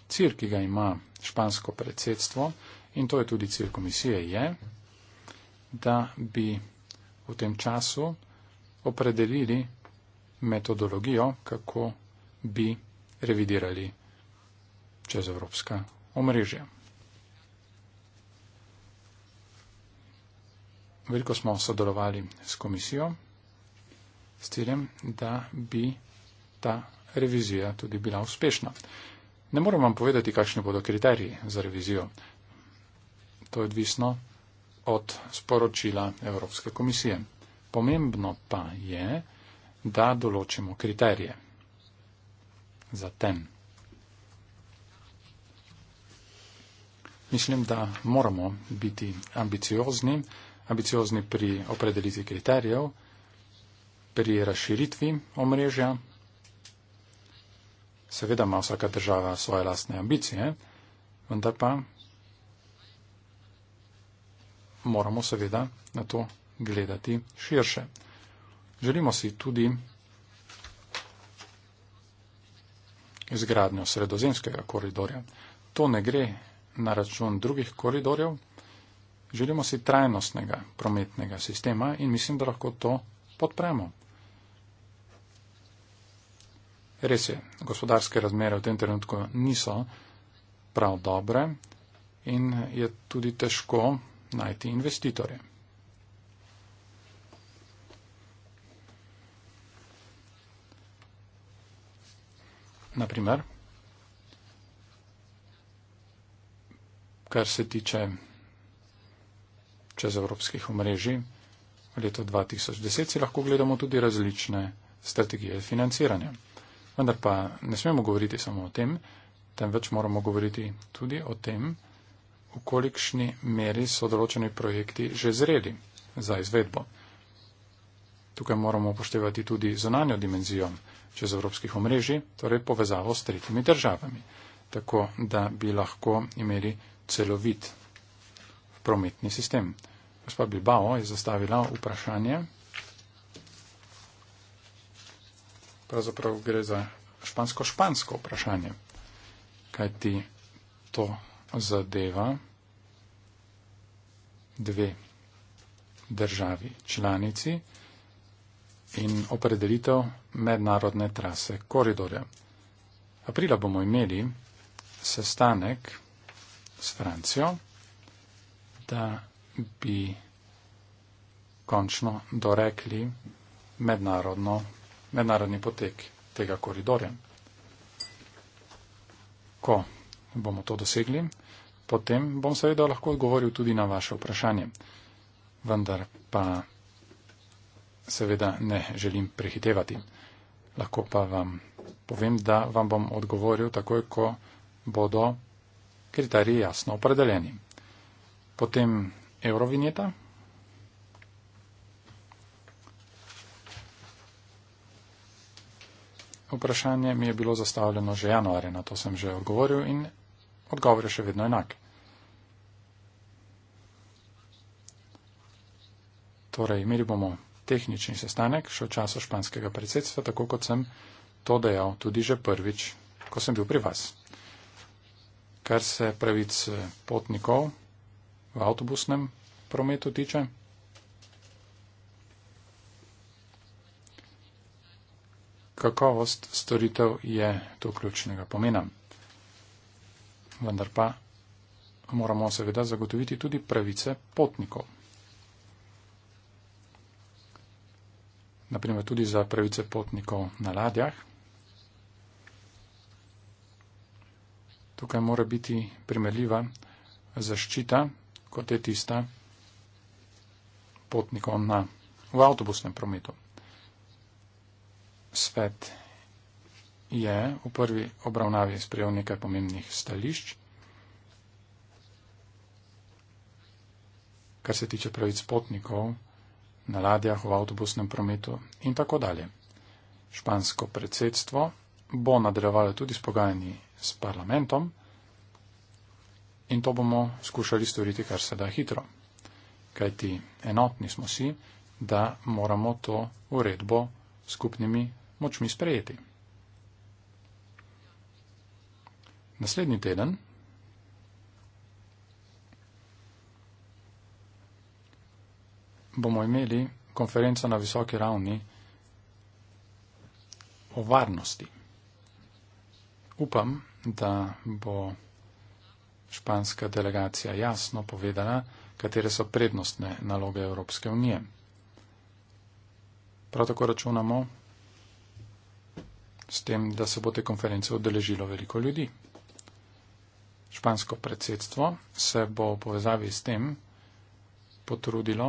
cilj, ki ga ima špansko predsedstvo in to je tudi cilj komisije, je, da bi v tem času opredelili metodologijo, kako bi revidirali čez evropska omrežja. Veliko smo sodelovali s komisijo s ciljem, da bi ta revizija tudi bila uspešna. Ne morem vam povedati, kakšni bodo kriteriji za revizijo. To je odvisno od sporočila Evropske komisije. Pomembno pa je, da določimo kriterije za tem. Mislim, da moramo biti ambiciozni, ambiciozni pri opredelitvi kriterijev, pri razširitvi omrežja Seveda ima vsaka država svoje lastne ambicije, vendar pa moramo seveda na to gledati širše. Želimo si tudi izgradnjo sredozemskega koridorja. To ne gre na račun drugih koridorjev. Želimo si trajnostnega prometnega sistema in mislim, da lahko to podpremo. Res je, gospodarske razmere v tem trenutku niso prav dobre in je tudi težko najti investitorje. Naprimer, kar se tiče čez evropskih omrežij, leto 2010 si lahko gledamo tudi različne strategije financiranja. Vendar pa ne smemo govoriti samo o tem, temveč moramo govoriti tudi o tem, v kolikšni meri so določeni projekti že zreli za izvedbo. Tukaj moramo upoštevati tudi zonanjo dimenzijo čez evropskih omrežij, torej povezavo s tretjimi državami, tako da bi lahko imeli celovit prometni sistem. Gospa Bilbao je zastavila vprašanje. pravzaprav gre za špansko-špansko vprašanje, kaj ti to zadeva dve državi članici in opredelitev mednarodne trase koridorja. Aprila bomo imeli sestanek s Francijo, da bi končno dorekli mednarodno mednarodni potek tega koridorja. Ko bomo to dosegli, potem bom seveda lahko odgovoril tudi na vaše vprašanje. Vendar pa seveda ne želim prehitevati. Lahko pa vam povem, da vam bom odgovoril takoj, ko bodo kriteriji jasno opredeljeni. Potem Eurovinjeta, vprašanje mi je bilo zastavljeno že januarja, na to sem že odgovoril in odgovor je še vedno enak. Torej, imeli bomo tehnični sestanek še v času španskega predsedstva, tako kot sem to dejal tudi že prvič, ko sem bil pri vas. Kar se pravic eh, potnikov v avtobusnem prometu tiče, kakovost storitev je to ključnega pomena. Vendar pa moramo seveda zagotoviti tudi pravice potnikov. Naprimer tudi za pravice potnikov na ladjah. Tukaj mora biti primerljiva zaščita, kot je tista potnikov na, v avtobusnem prometu svet je v prvi obravnavi sprejel nekaj pomembnih stališč, kar se tiče pravic potnikov na ladjah v avtobusnem prometu in tako dalje. Špansko predsedstvo bo nadaljevalo tudi s pogajanji s parlamentom in to bomo skušali storiti kar se da hitro. Kajti enotni smo si, da moramo to uredbo skupnimi močmi sprejeti. Naslednji teden bomo imeli konferenco na visoki ravni o varnosti. Upam, da bo španska delegacija jasno povedala, katere so prednostne naloge Evropske unije. Prav tako računamo, s tem, da se bo te konference odeležilo veliko ljudi. Špansko predsedstvo se bo v povezavi s tem potrudilo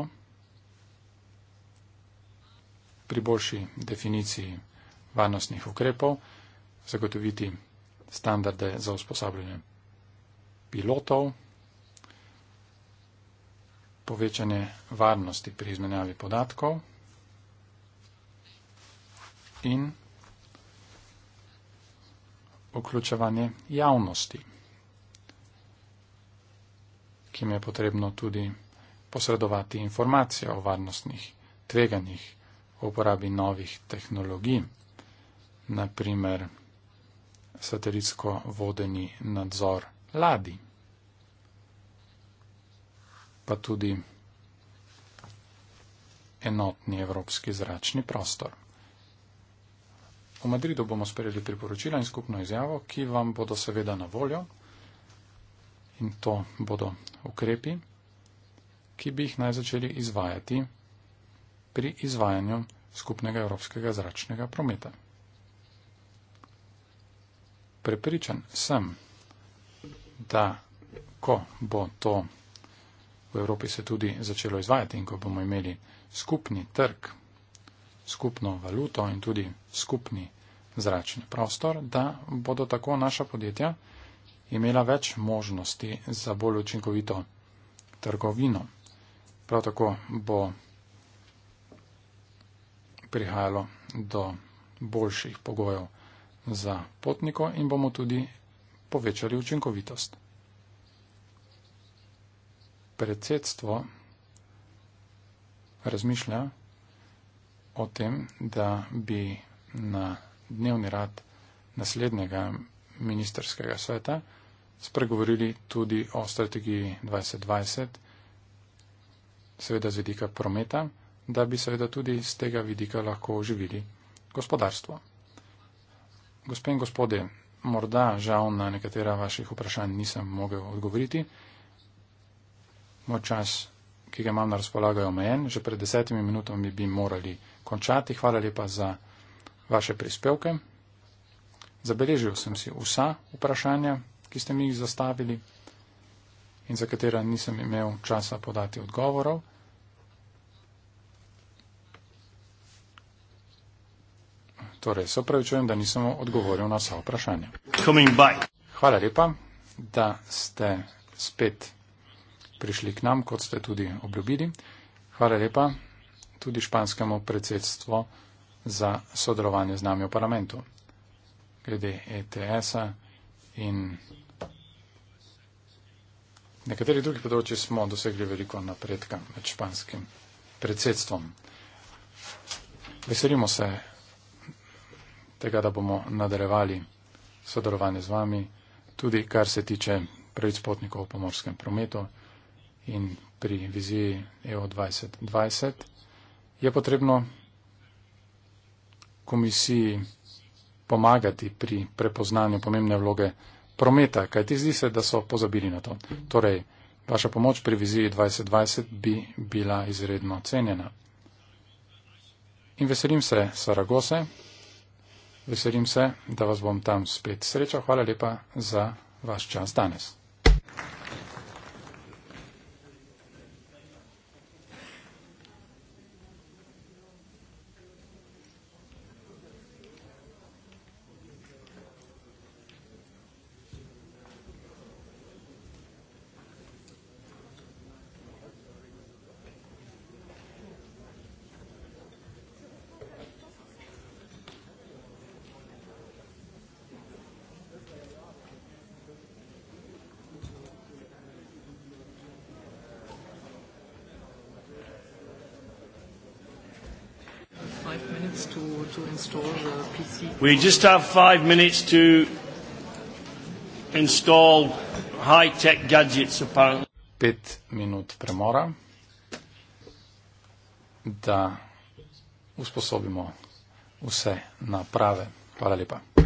pri boljši definiciji varnostnih ukrepov zagotoviti standarde za usposabljanje pilotov, povečanje varnosti pri izmenjavi podatkov in vključevanje javnosti, ki jim je potrebno tudi posredovati informacije o varnostnih tveganjih, o uporabi novih tehnologij, naprimer satelitsko vodeni nadzor ladi, pa tudi enotni evropski zračni prostor. V Madridu bomo sprejeli priporočila in skupno izjavo, ki vam bodo seveda na voljo in to bodo ukrepi, ki bi jih naj začeli izvajati pri izvajanju skupnega evropskega zračnega prometa. Prepričan sem, da ko bo to v Evropi se tudi začelo izvajati in ko bomo imeli skupni trg skupno valuto in tudi skupni zračni prostor, da bodo tako naša podjetja imela več možnosti za bolj učinkovito trgovino. Prav tako bo prihajalo do boljših pogojev za potniko in bomo tudi povečali učinkovitost. Predsedstvo razmišlja, o tem, da bi na dnevni rad naslednjega ministerskega sveta spregovorili tudi o strategiji 2020, seveda z vidika prometa, da bi seveda tudi z tega vidika lahko oživili gospodarstvo. Gospe in gospode, morda žal na nekatera vaših vprašanj nisem mogel odgovoriti. Moj čas, ki ga imam na razpolago, je omejen. Že pred desetimi minutami bi morali končati. Hvala lepa za vaše prispevke. Zabeležil sem si vsa vprašanja, ki ste mi jih zastavili in za katera nisem imel časa podati odgovorov. Torej, se opravičujem, da nisem odgovoril na vsa vprašanja. Hvala lepa, da ste spet prišli k nam, kot ste tudi obljubili. Hvala lepa tudi španskemu predsedstvu za sodelovanje z nami v parlamentu. Glede ETS-a in nekaterih drugih področji smo dosegli veliko napredka med španskim predsedstvom. Veselimo se tega, da bomo nadaljevali sodelovanje z vami, tudi kar se tiče pravic potnikov v pomorskem prometu in pri viziji EU 2020 je potrebno komisiji pomagati pri prepoznanju pomembne vloge prometa, kaj ti zdi se, da so pozabili na to. Torej, vaša pomoč pri viziji 2020 bi bila izredno cenjena. In veselim se Saragose, veselim se, da vas bom tam spet srečal. Hvala lepa za vaš čas danes. install the PC. We just have five minutes to install high-tech gadgets, apparently. Pet minut premora da usposobimo vse naprave. Hvala lepa.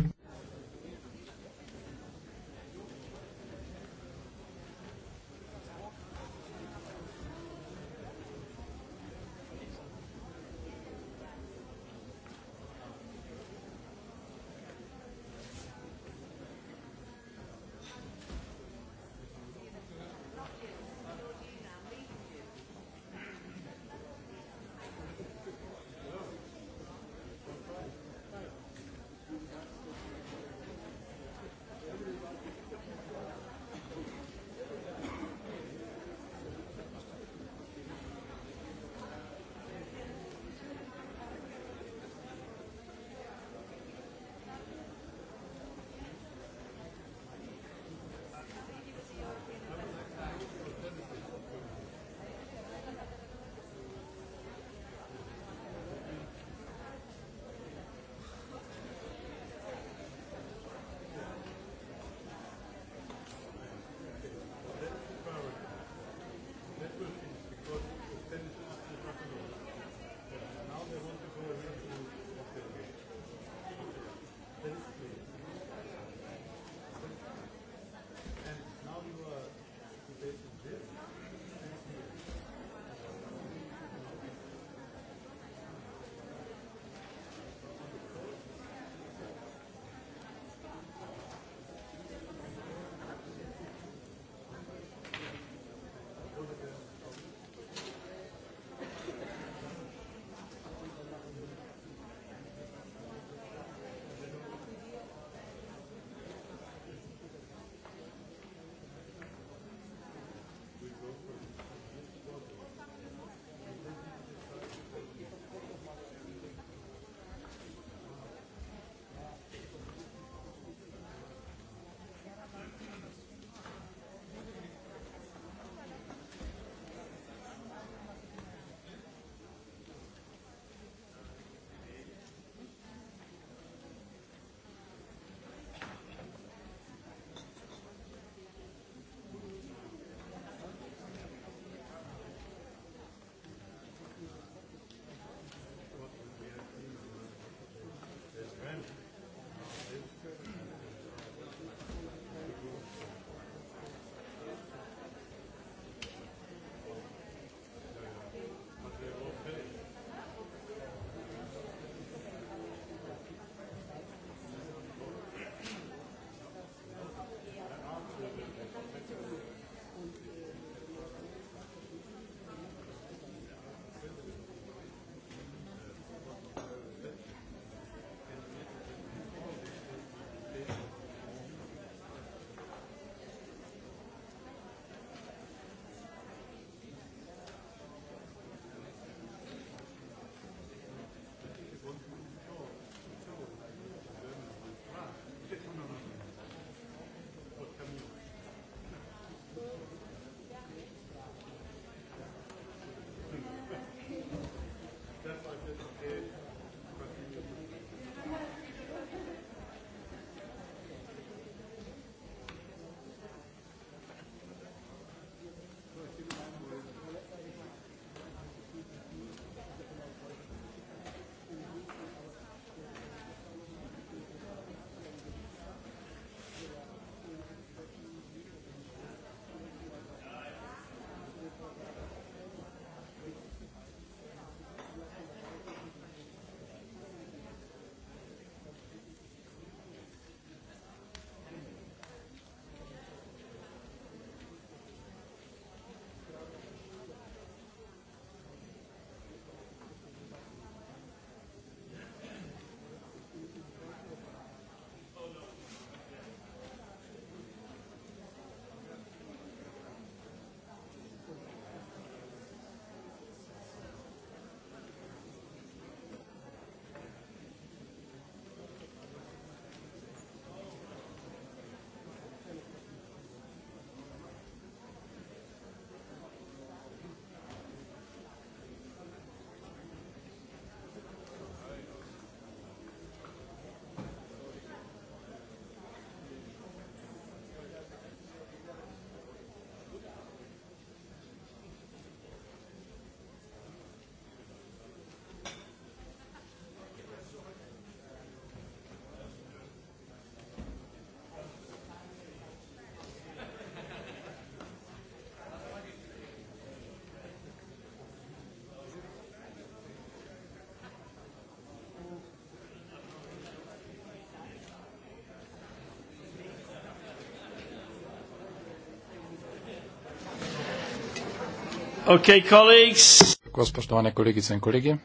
Okay, colleagues. Tako, spoštovane kolegice in kolegi.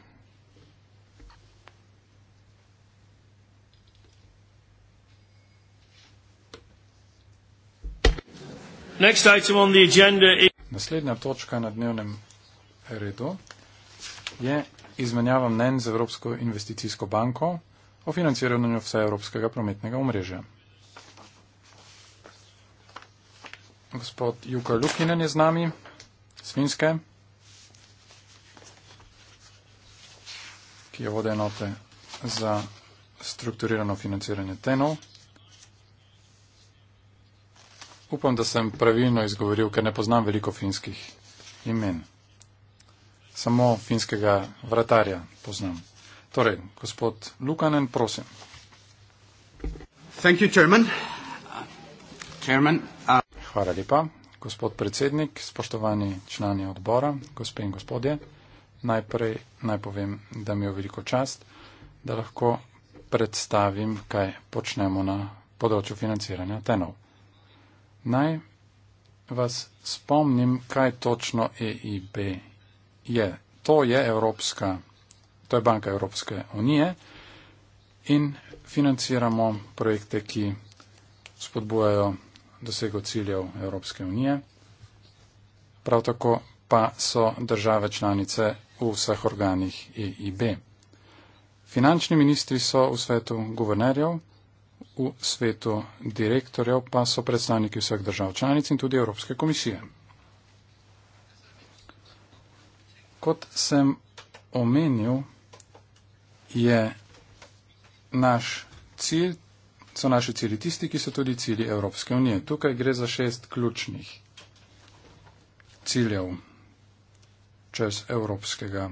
Next item on the agenda is... Naslednja točka na dnevnem redu je izmenjava mnenj z Evropsko investicijsko banko o financiranju vse evropskega prometnega omrežja. Gospod Juka Lukinen je z nami svinske, ki je vode enote za strukturirano financiranje tenov. Upam, da sem pravilno izgovoril, ker ne poznam veliko finskih imen. Samo finskega vratarja poznam. Torej, gospod Lukanen, prosim. Thank you, chairman. Uh, chairman, uh... Hvala lepa, Gospod predsednik, spoštovani člani odbora, gospe in gospodje, najprej naj povem, da mi je veliko čast, da lahko predstavim, kaj počnemo na področju financiranja tenov. Naj vas spomnim, kaj točno EIB je. To je Evropska, to je Banka Evropske unije in financiramo projekte, ki spodbujajo dosego ciljev Evropske unije. Prav tako pa so države članice v vseh organih EIB. Finančni ministri so v svetu guvernerjev, v svetu direktorjev pa so predstavniki vseh držav članic in tudi Evropske komisije. Kot sem omenil, je naš cilj so naši cilji tisti, ki so tudi cilji Evropske unije. Tukaj gre za šest ključnih ciljev čez evropskega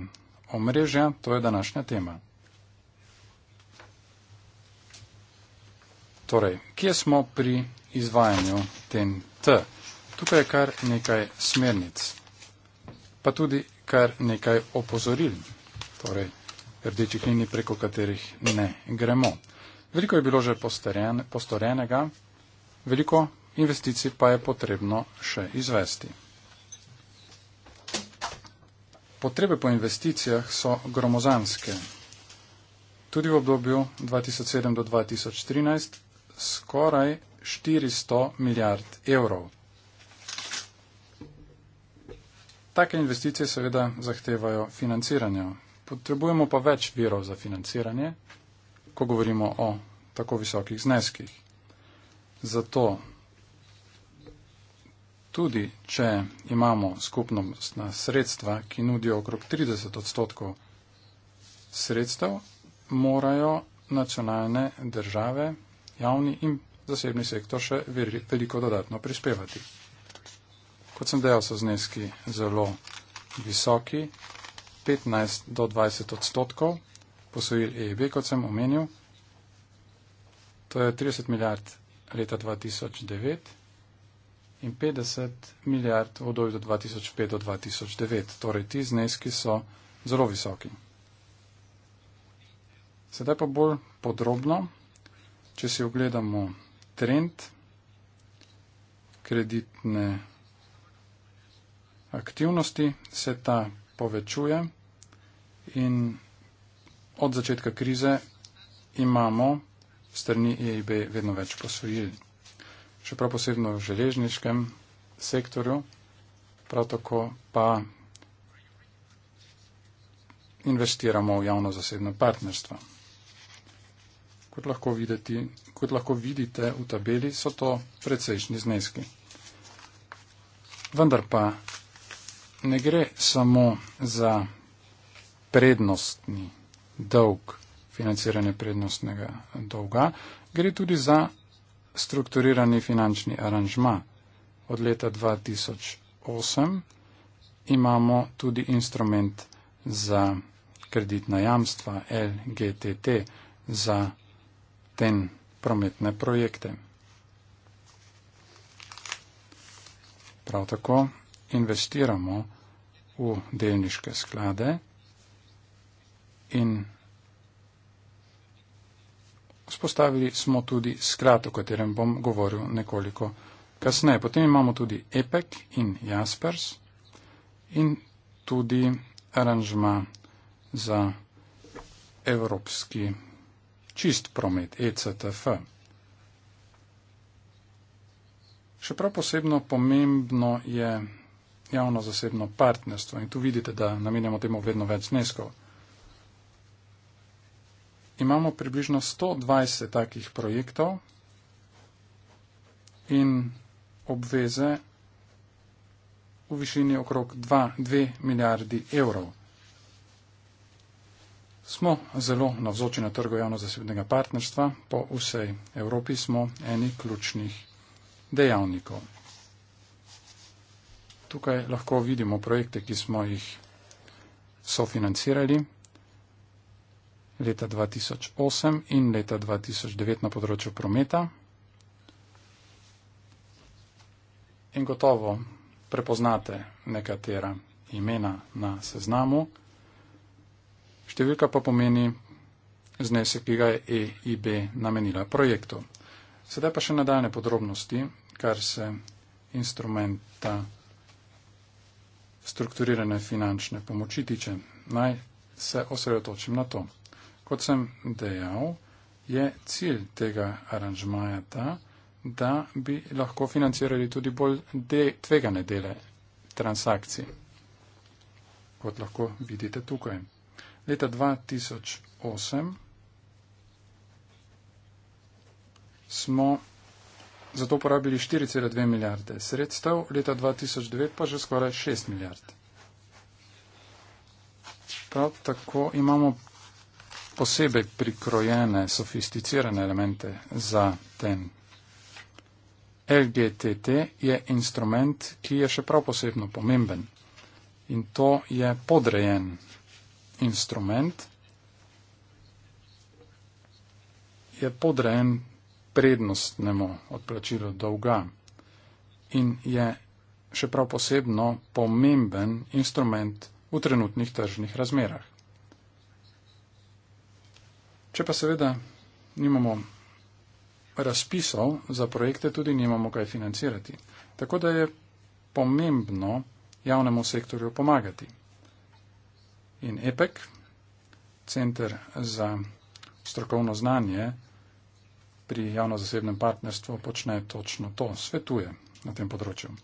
omrežja, to je današnja tema. Torej, kje smo pri izvajanju tem T? Tukaj je kar nekaj smernic, pa tudi kar nekaj opozoril, torej rdečih linij, preko katerih ne gremo. Veliko je bilo že posteren, postorenega, veliko investicij pa je potrebno še izvesti. Potrebe po investicijah so gromozanske. Tudi v obdobju 2007 do 2013 skoraj 400 milijard evrov. Take investicije seveda zahtevajo financiranje. Potrebujemo pa več virov za financiranje ko govorimo o tako visokih zneskih. Zato tudi, če imamo skupnostna sredstva, ki nudijo okrog 30 odstotkov sredstev, morajo nacionalne države, javni in zasebni sektor še veliko dodatno prispevati. Kot sem dejal, so zneski zelo visoki, 15 do 20 odstotkov posojil EIB, kot sem omenil. To je 30 milijard leta 2009 in 50 milijard v obdobju 2005 do 2009. Torej, ti zneski so zelo visoki. Sedaj pa bolj podrobno, če si ogledamo trend kreditne aktivnosti, se ta povečuje in Od začetka krize imamo strani EIB vedno več posojil. Še prav posebno v železniškem sektorju, prav tako pa investiramo v javno-zasebno partnerstvo. Kot lahko, videti, kot lahko vidite v tabeli, so to precejšnji zneski. Vendar pa ne gre samo za prednostni dolg, financiranje prednostnega dolga, gre tudi za strukturirani finančni aranžma. Od leta 2008 imamo tudi instrument za kreditna jamstva LGTT za ten prometne projekte. Prav tako investiramo v delniške sklade in vzpostavili smo tudi sklad, o katerem bom govoril nekoliko kasneje. Potem imamo tudi EPEC in Jaspers in tudi aranžma za evropski čist promet ECTF. Še prav posebno pomembno je javno-zasebno partnerstvo in tu vidite, da namenjamo temu vedno več zneskov imamo približno 120 takih projektov in obveze v višini okrog 2 milijardi evrov. Smo zelo navzoči na trgu javno-zasebnega partnerstva, po vsej Evropi smo eni ključnih dejavnikov. Tukaj lahko vidimo projekte, ki smo jih sofinancirali leta 2008 in leta 2009 na področju prometa. In gotovo prepoznate nekatera imena na seznamu. Številka pa pomeni znesek, ki ga je EIB namenila projektu. Sedaj pa še nadaljne podrobnosti, kar se instrumenta strukturirane finančne pomoči tiče. Naj se osredotočim na to. Kot sem dejal, je cilj tega aranžmaja ta, da bi lahko financirali tudi bolj de tvegane dele transakcij, kot lahko vidite tukaj. Leta 2008 smo zato porabili 4,2 milijarde sredstev, leta 2009 pa že skoraj 6 milijard. Prav tako imamo posebej prikrojene, sofisticirane elemente za ten. LGTT je instrument, ki je še prav posebno pomemben in to je podrejen instrument, je podrejen prednostnemu odplačilu dolga in je še prav posebno pomemben instrument v trenutnih tržnih razmerah. Če pa seveda nimamo razpisov za projekte, tudi nimamo kaj financirati. Tako da je pomembno javnemu sektorju pomagati. In EPEC, Center za strokovno znanje pri javno-zasebnem partnerstvu, počne točno to, svetuje na tem področju.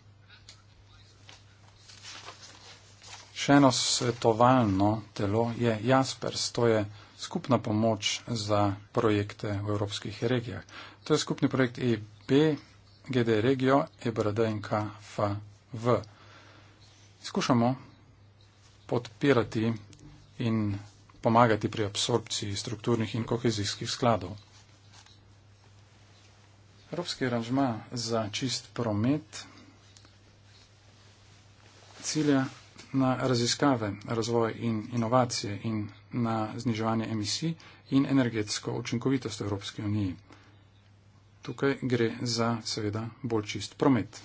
Še eno svetovalno telo je Jaspers, to je skupna pomoč za projekte v evropskih regijah. To je skupni projekt EB, GD Regio, EBRD in KFV. Skušamo podpirati in pomagati pri absorpciji strukturnih in kohezijskih skladov. Evropski aranžma za čist promet cilja na raziskave, razvoj in inovacije in na zniževanje emisij in energetsko učinkovitost v Evropski uniji. Tukaj gre za seveda bolj čist promet.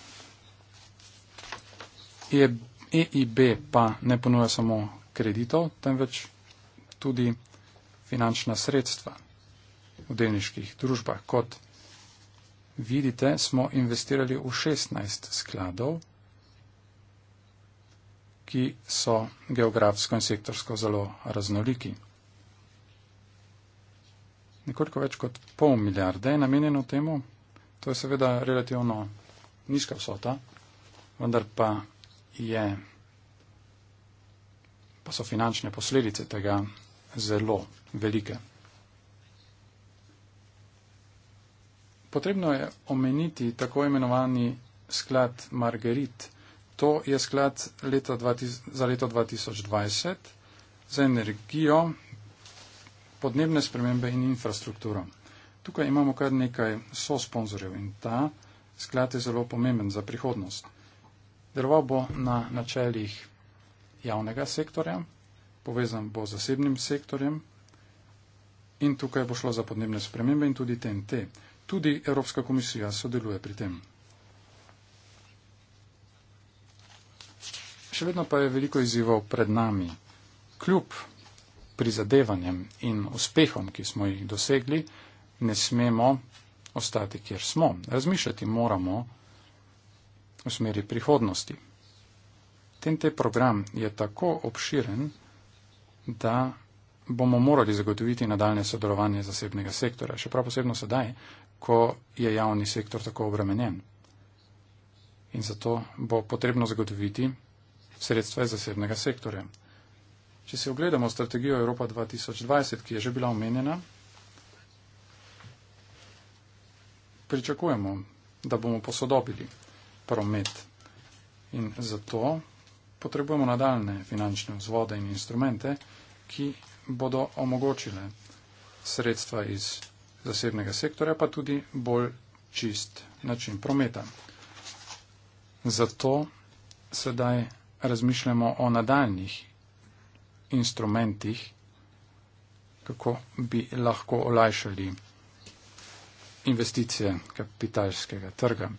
EIB e pa ne ponuja samo kreditov, temveč tudi finančna sredstva v delniških družbah. Kot vidite, smo investirali v 16 skladov, ki so geografsko in sektorsko zelo raznoliki. Nekoliko več kot pol milijarde je namenjeno temu, to je seveda relativno nizka vsota, vendar pa, je, pa so finančne posledice tega zelo velike. Potrebno je omeniti tako imenovani sklad Margerit, To je sklad leto 20, za leto 2020 za energijo, podnebne spremembe in infrastrukturo. Tukaj imamo kar nekaj sosponzorjev in ta sklad je zelo pomemben za prihodnost. Deloval bo na načeljih javnega sektorja, povezan bo z zasebnim sektorjem in tukaj bo šlo za podnebne spremembe in tudi TNT. Tudi Evropska komisija sodeluje pri tem. Še vedno pa je veliko izzivov pred nami. Kljub prizadevanjem in uspehom, ki smo jih dosegli, ne smemo ostati, kjer smo. Razmišljati moramo v smeri prihodnosti. TNT program je tako obširen, da bomo morali zagotoviti nadaljne sodelovanje zasebnega sektora, še prav posebno sedaj, ko je javni sektor tako obremenjen. In zato bo potrebno zagotoviti sredstva iz zasebnega sektorja. Če se ogledamo strategijo Evropa 2020, ki je že bila omenjena, pričakujemo, da bomo posodobili promet in zato potrebujemo nadaljne finančne vzvode in instrumente, ki bodo omogočile sredstva iz zasebnega sektorja, pa tudi bolj čist način prometa. Zato sedaj razmišljamo o nadaljnih instrumentih, kako bi lahko olajšali investicije kapitalskega trga.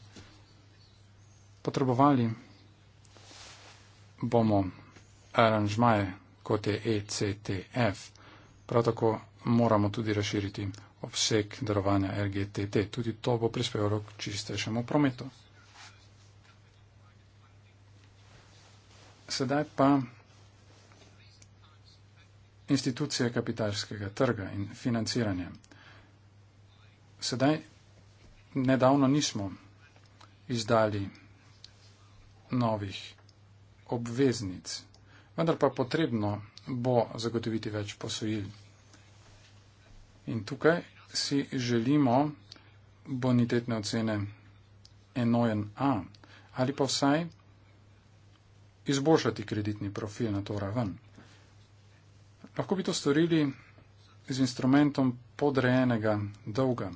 Potrebovali bomo aranžmaje, kot je ECTF, prav tako moramo tudi razširiti obseg darovanja RGTT. Tudi to bo prispevalo k čistejšemu prometu. Sedaj pa institucije kapitalskega trga in financiranje. Sedaj nedavno nismo izdali novih obveznic, vendar pa potrebno bo zagotoviti več posojil. In tukaj si želimo bonitetne ocene enojen A ali pa vsaj izboljšati kreditni profil na to raven. Lahko bi to storili z instrumentom podrejenega dolga.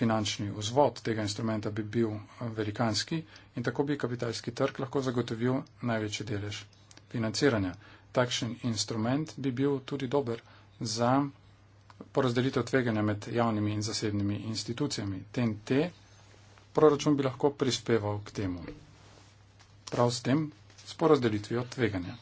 Finančni vzvod tega instrumenta bi bil velikanski in tako bi kapitalski trg lahko zagotovil največji delež financiranja. Takšen instrument bi bil tudi dober za porazdelitev tveganja med javnimi in zasebnimi institucijami. TNT proračun bi lahko prispeval k temu. Prav s tem s porazdelitvijo tveganja.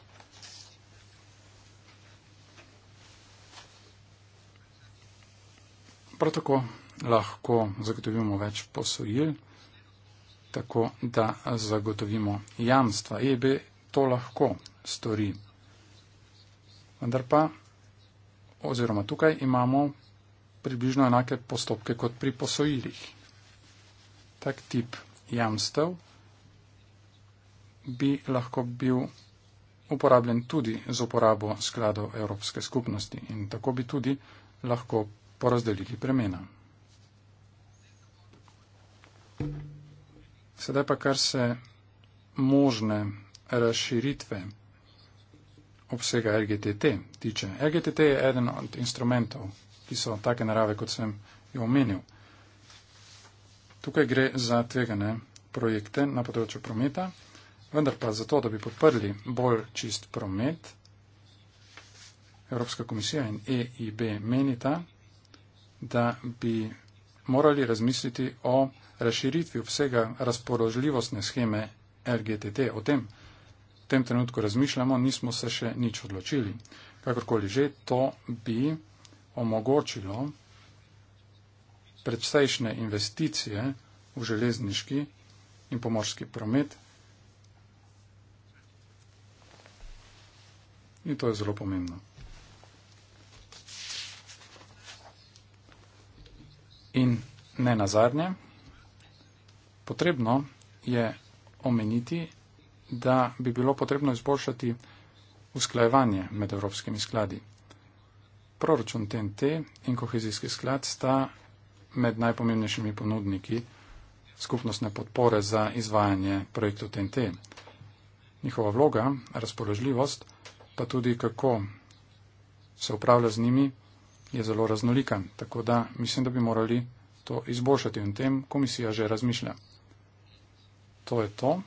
Prav tako lahko zagotovimo več posojil, tako da zagotovimo jamstva. EB to lahko stori. Vendar pa, oziroma tukaj imamo približno enake postopke kot pri posojilih. Tak tip jamstev bi lahko bil uporabljen tudi z uporabo skladov Evropske skupnosti in tako bi tudi lahko porazdelili premena. Sedaj pa kar se možne razširitve obsega LGTT tiče. LGTT je eden od instrumentov, ki so take narave, kot sem jo omenil. Tukaj gre za tvegane projekte na področju prometa vendar pa zato, da bi podprli bolj čist promet, Evropska komisija in EIB menita, da bi morali razmisliti o razširitvi vsega razpoložljivostne scheme LGTT. O tem v tem trenutku razmišljamo, nismo se še nič odločili. Kakorkoli že, to bi omogočilo predvsejšne investicije v železniški in pomorski promet, In to je zelo pomembno. In ne nazadnje, potrebno je omeniti, da bi bilo potrebno izboljšati usklajevanje med evropskimi skladi. Proračun TNT in kohezijski sklad sta med najpomembnejšimi ponudniki skupnostne podpore za izvajanje projektov TNT. Njihova vloga, razpoložljivost pa tudi kako se upravlja z njimi, je zelo raznolika. Tako da mislim, da bi morali to izboljšati in tem komisija že razmišlja. To je to.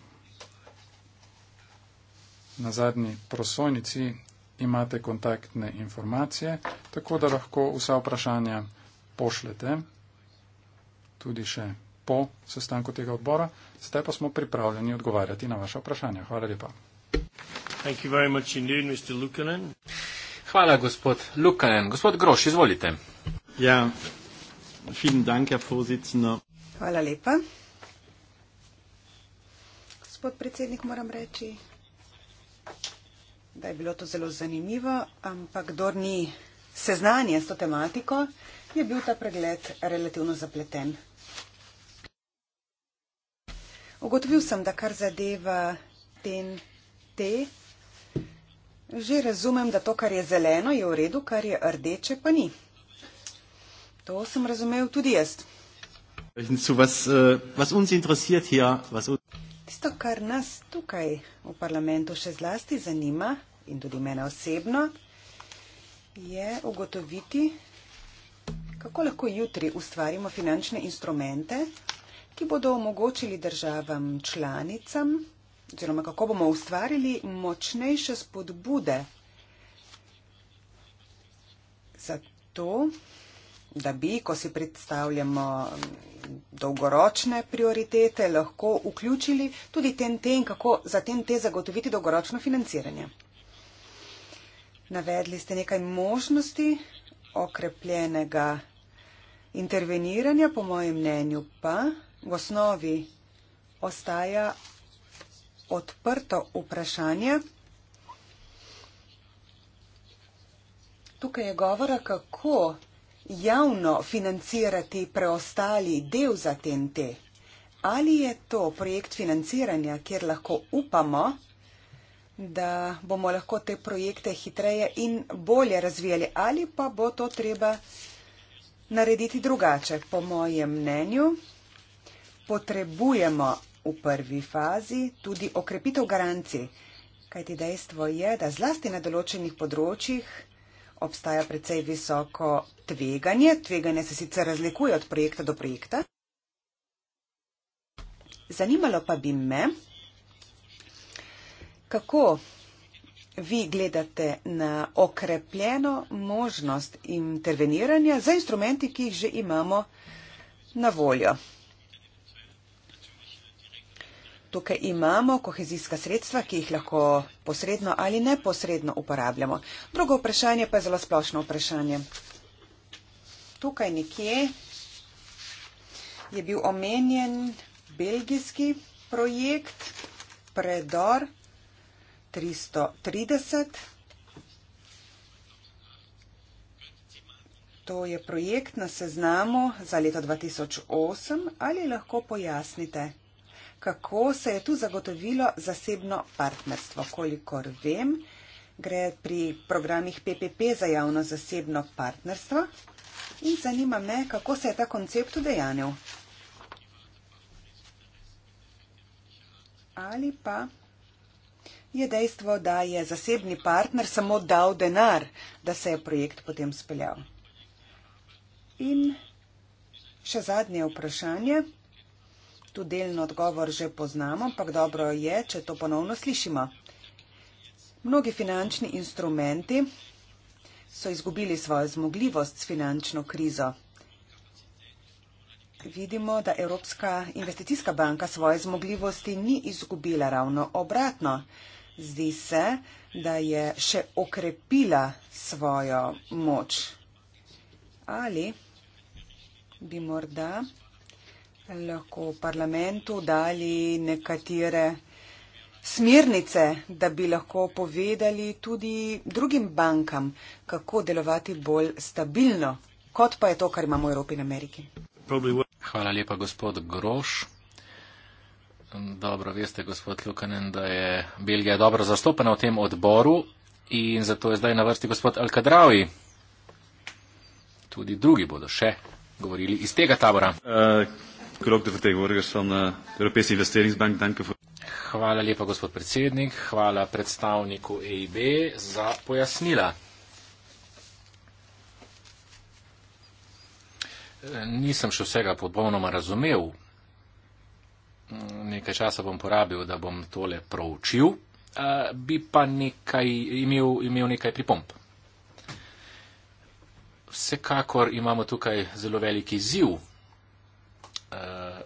Na zadnji prosojnici imate kontaktne informacije, tako da lahko vsa vprašanja pošljete tudi še po sestanku tega odbora. Zdaj pa smo pripravljeni odgovarjati na vaše vprašanja. Hvala lepa. Thank you very much indeed, Mr. Lukanen. Hvala, gospod Lukanen. Gospod Groš, izvolite. Ja, vielen Dank, Herr Vorsitzender. Hvala lepa. Gospod predsednik, moram reči, da je bilo to zelo zanimivo, ampak kdor ni seznanjen s to tematiko, je bil ta pregled relativno zapleten. Ugotovil sem, da kar zadeva TNT, Že razumem, da to, kar je zeleno, je v redu, kar je rdeče, pa ni. To sem razumel tudi jaz. Äh, Tisto, kar nas tukaj v parlamentu še zlasti zanima in tudi mene osebno, je ugotoviti, kako lahko jutri ustvarimo finančne instrumente, ki bodo omogočili državam članicam oziroma kako bomo ustvarili močnejše spodbude za to, da bi, ko si predstavljamo mm, dolgoročne prioritete, lahko vključili tudi ten ten, kako za ten te zagotoviti dolgoročno financiranje. Navedli ste nekaj možnosti okrepljenega interveniranja, po mojem mnenju pa v osnovi ostaja odprto vprašanje. Tukaj je govora, kako javno financirati preostali del za TNT. Ali je to projekt financiranja, kjer lahko upamo, da bomo lahko te projekte hitreje in bolje razvijali, ali pa bo to treba narediti drugače? Po mojem mnenju potrebujemo v prvi fazi tudi okrepitev garancij. Kajti dejstvo je, da zlasti na določenih področjih obstaja precej visoko tveganje. Tveganje se sicer razlikuje od projekta do projekta. Zanimalo pa bi me, kako vi gledate na okrepljeno možnost interveniranja za instrumenti, ki jih že imamo na voljo. Tukaj imamo kohezijska sredstva, ki jih lahko posredno ali neposredno uporabljamo. Drugo vprašanje pa je zelo splošno vprašanje. Tukaj nekje je bil omenjen belgijski projekt Predor 330. To je projekt na seznamu za leto 2008. Ali lahko pojasnite, kako se je tu zagotovilo zasebno partnerstvo. Kolikor vem, gre pri programih PPP za javno zasebno partnerstvo in zanima me, kako se je ta koncept udejanil. Ali pa je dejstvo, da je zasebni partner samo dal denar, da se je projekt potem speljal. In še zadnje vprašanje tu delno odgovor že poznamo, ampak dobro je, če to ponovno slišimo. Mnogi finančni instrumenti so izgubili svojo zmogljivost s finančno krizo. Vidimo, da Evropska investicijska banka svoje zmogljivosti ni izgubila ravno obratno. Zdi se, da je še okrepila svojo moč. Ali bi morda lahko v parlamentu dali nekatere smernice, da bi lahko povedali tudi drugim bankam, kako delovati bolj stabilno, kot pa je to, kar imamo v Evropi in Ameriki. Hvala lepa, gospod Groš. Dobro veste, gospod Lukanen, da je Belgija dobro zastopena v tem odboru in zato je zdaj na vrsti gospod Alkadravi. Tudi drugi bodo še govorili iz tega tabora. Uh. Ik wil ook de vertegenwoordigers van eh, de Europese Investeringsbank danken voor. Hvala lepa, gospod predsednik. Hvala predstavniku EIB za pojasnila. Nisem še vsega popolnoma razumev. Nekaj časa bom porabil, da bom tole proučil, bi pa nekaj, imel, imel nekaj pripomp. Vsekakor imamo tukaj zelo veliki ziv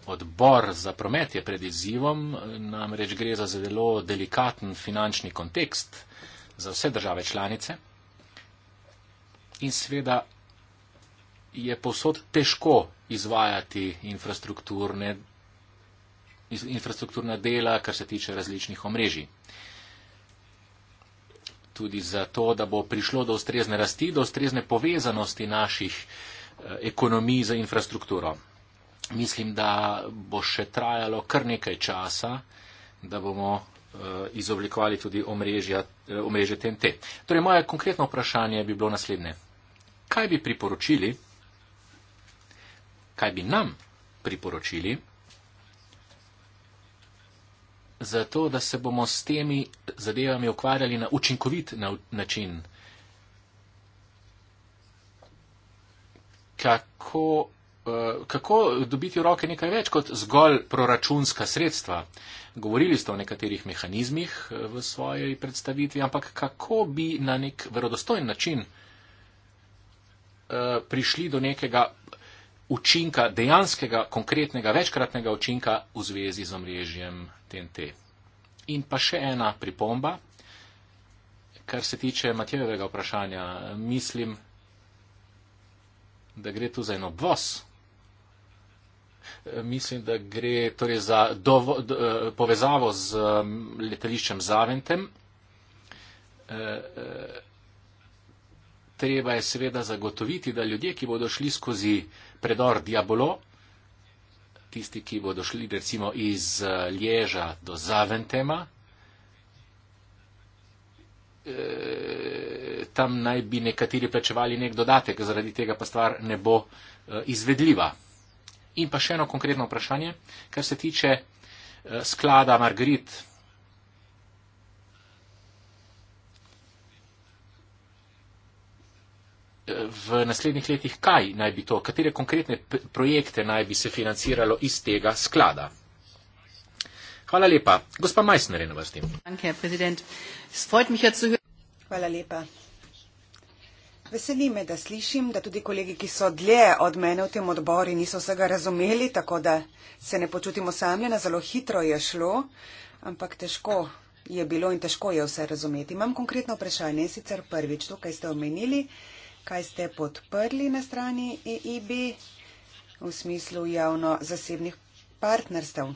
odbor za promet je pred izzivom, namreč gre za zelo delikaten finančni kontekst za vse države članice. In seveda je povsod težko izvajati infrastrukturne, infrastrukturna dela, kar se tiče različnih omrežij. Tudi zato, da bo prišlo do ustrezne rasti, do ustrezne povezanosti naših eh, ekonomij za infrastrukturo mislim, da bo še trajalo kar nekaj časa, da bomo eh, izoblikovali tudi eh, omrežje TNT. Torej, moje konkretno vprašanje bi bilo naslednje. Kaj bi priporočili, kaj bi nam priporočili, zato da se bomo s temi zadevami ukvarjali na učinkovit na, način? Kako Eh, kako dobiti v roke nekaj več kot zgolj proračunska sredstva. Govorili ste o nekaterih mehanizmih eh, v svoji predstavitvi, ampak kako bi na nek verodostojen način eh, prišli do nekega učinka, dejanskega, konkretnega, večkratnega učinka v zvezi z omrežjem TNT. In pa še ena pripomba, kar se tiče Matejevega vprašanja. Mislim, da gre tu za en obvoz. Eh, mislim, da gre torej za do, do, eh, povezavo z mm, letališčem Zaventem. Eh, treba je seveda zagotoviti, da ljudje, ki bodo šli skozi predor Diabolo, tisti, ki bodo šli recimo iz Lježa do Zaventema, tam naj bi nekateri plačevali nek dodatek, zaradi tega pa stvar ne bo izvedljiva. In pa še eno konkretno vprašanje, kar se tiče eh, sklada Margarit. Eh, v naslednjih letih, kaj naj bi to, katere konkretne projekte naj bi se financiralo iz tega sklada? Hvala lepa. Gospa Majsner je na vrsti. Ja Hvala lepa. Veseli me, da slišim, da tudi kolegi, ki so dlje od mene v tem odbori, niso vsega razumeli, tako da se ne počutim osamljena. Zelo hitro je šlo, ampak težko je bilo in težko je vse razumeti. Imam konkretno vprašanje, sicer prvič tukaj ste omenili, kaj ste podprli na strani EIB v smislu javno-zasebnih partnerstev.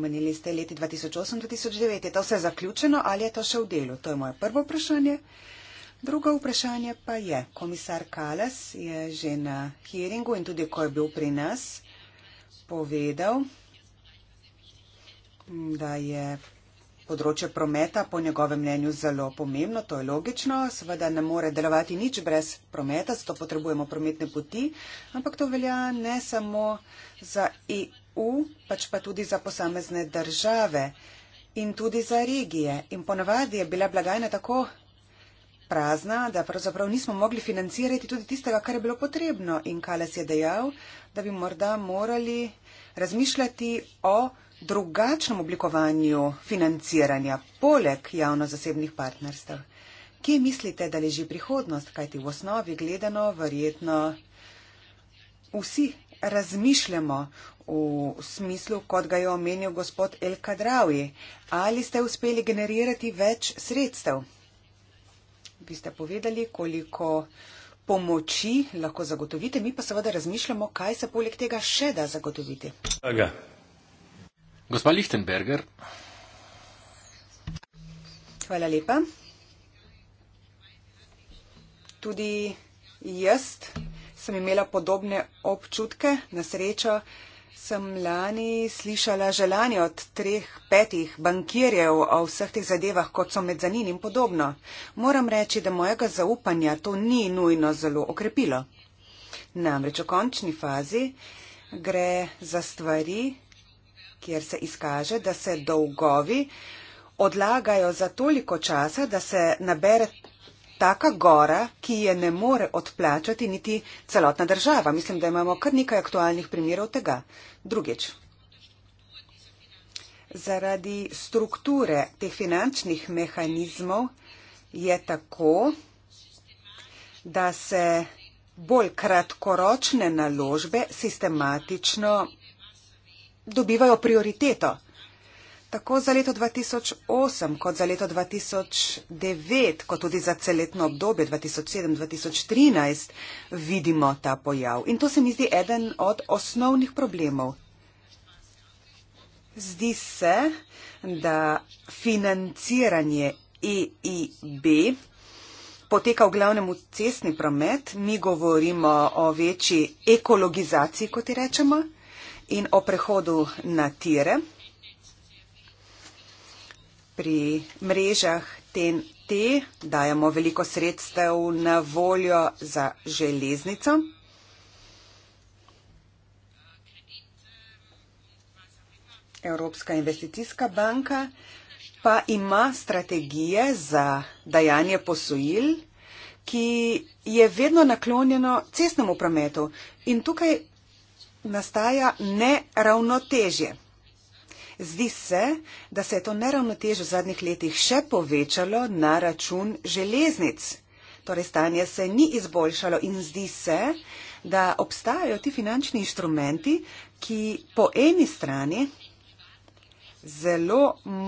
Omenili ste leti 2008-2009. Je to vse zaključeno ali je to še v delu? To je moje prvo vprašanje. Drugo vprašanje pa je, komisar Kales je že na hearingu in tudi ko je bil pri nas povedal, da je področje prometa po njegovem mnenju zelo pomembno, to je logično, seveda ne more delovati nič brez prometa, zato potrebujemo prometne poti, ampak to velja ne samo za EU, pač pa tudi za posamezne države in tudi za regije. In ponavadi je bila blagajna tako prazna, da pravzaprav nismo mogli financirati tudi tistega, kar je bilo potrebno. In Kales je dejal, da bi morda morali razmišljati o drugačnem oblikovanju financiranja poleg javno-zasebnih partnerstv. Kje mislite, da leži prihodnost, kajti v osnovi gledano verjetno vsi razmišljamo v smislu, kot ga je omenil gospod El Kadravi. Ali ste uspeli generirati več sredstev? bi ste povedali, koliko pomoči lahko zagotovite. Mi pa seveda razmišljamo, kaj se poleg tega še da zagotoviti. Aga. Gospa Lichtenberger. Hvala lepa. Tudi jaz sem imela podobne občutke. Na srečo Sem lani slišala želanje od treh, petih bankirjev o vseh teh zadevah, kot so medzanin in podobno. Moram reči, da mojega zaupanja to ni nujno zelo okrepilo. Namreč v končni fazi gre za stvari, kjer se izkaže, da se dolgovi odlagajo za toliko časa, da se nabere taka gora, ki je ne more odplačati niti celotna država. Mislim, da imamo kar nekaj aktualnih primerov tega. Drugič, zaradi strukture teh finančnih mehanizmov je tako, da se bolj kratkoročne naložbe sistematično dobivajo prioriteto tako za leto 2008 kot za leto 2009, kot tudi za celetno obdobje 2007-2013, vidimo ta pojav. In to se mi zdi eden od osnovnih problemov. Zdi se, da financiranje EIB poteka v glavnem v cestni promet, mi govorimo o večji ekologizaciji, kot ji rečemo, in o prehodu na tire pri mrežah TNT dajemo veliko sredstev na voljo za železnico. Evropska investicijska banka pa ima strategije za dajanje posojil, ki je vedno naklonjeno cestnemu prometu in tukaj nastaja neravnotežje. Zdi se, da se je to neravnotež v zadnjih letih še povečalo na račun železnic. Torej, stanje se ni izboljšalo in zdi se, da obstajajo ti finančni inštrumenti, ki po eni strani zelo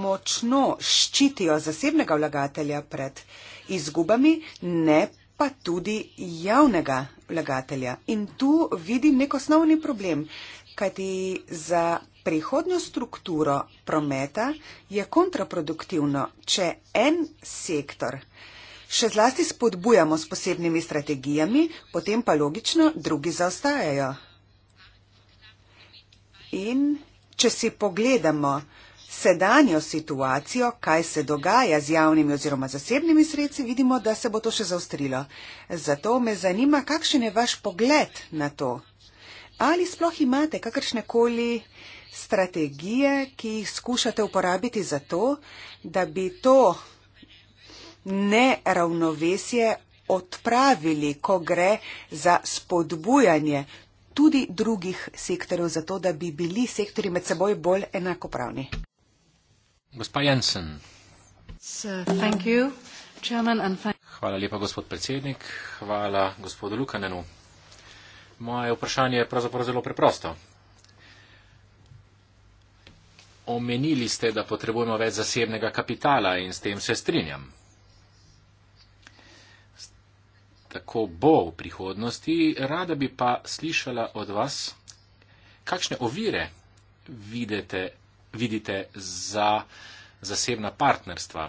močno ščitijo zasebnega vlagatelja pred izgubami, ne pa tudi javnega vlagatelja. In tu vidim nek osnovni problem, kajti za prihodnjo strukturo prometa je kontraproduktivno, če en sektor še zlasti spodbujamo s posebnimi strategijami, potem pa logično drugi zaostajajo. In če si pogledamo sedanjo situacijo, kaj se dogaja z javnimi oziroma zasebnimi sredci, vidimo, da se bo to še zaostrilo. Zato me zanima, kakšen je vaš pogled na to. Ali sploh imate kakršnekoli strategije, ki jih skušate uporabiti za to, da bi to neravnovesje odpravili, ko gre za spodbujanje tudi drugih sektorjev, zato da bi bili sektori med seboj bolj enakopravni. Gospa Jensen. Hvala lepa, gospod predsednik. Hvala gospodu Lukanenu. Moje vprašanje je pravzaprav zelo preprosto. Omenili ste, da potrebujemo več zasebnega kapitala in s tem se strinjam. Tako bo v prihodnosti. Rada bi pa slišala od vas, kakšne ovire vidite, vidite za zasebna partnerstva,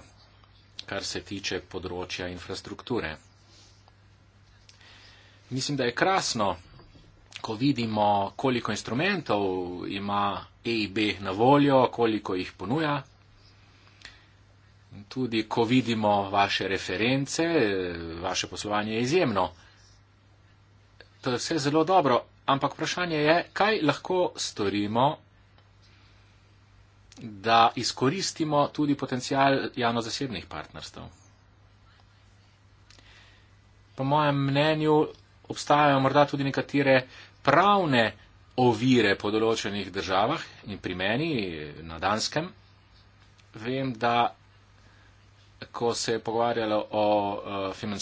kar se tiče področja infrastrukture. Mislim, da je krasno, ko vidimo, koliko instrumentov ima EIB na voljo, koliko jih ponuja. Tudi ko vidimo vaše reference, vaše poslovanje je izjemno. To je vse zelo dobro, ampak vprašanje je, kaj lahko storimo, da izkoristimo tudi potencial javno-zasebnih partnerstv. Po mojem mnenju obstajajo morda tudi nekatere pravne ovire po določenih državah in pri meni na Danskem. Vem, da ko se je pogovarjalo o, e,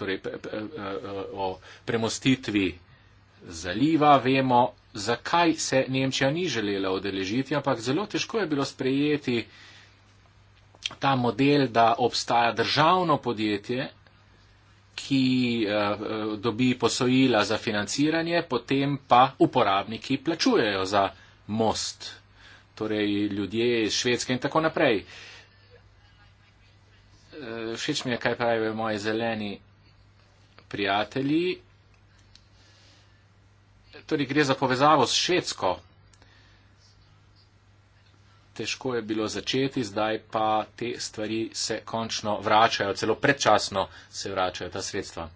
torej, e, e, o premostitvi zaliva, vemo, zakaj se Nemčija ni želela odeležiti, ampak zelo težko je bilo sprejeti ta model, da obstaja državno podjetje, ki eh, eh, dobi posojila za financiranje, potem pa uporabniki plačujejo za most, torej ljudje iz Švedske in tako naprej. Eh, všeč mi je, kaj pravijo moji zeleni prijatelji. Torej gre za povezavo s Švedsko težko je bilo začeti, zdaj pa te stvari se končno vračajo, celo predčasno se vračajo ta sredstva.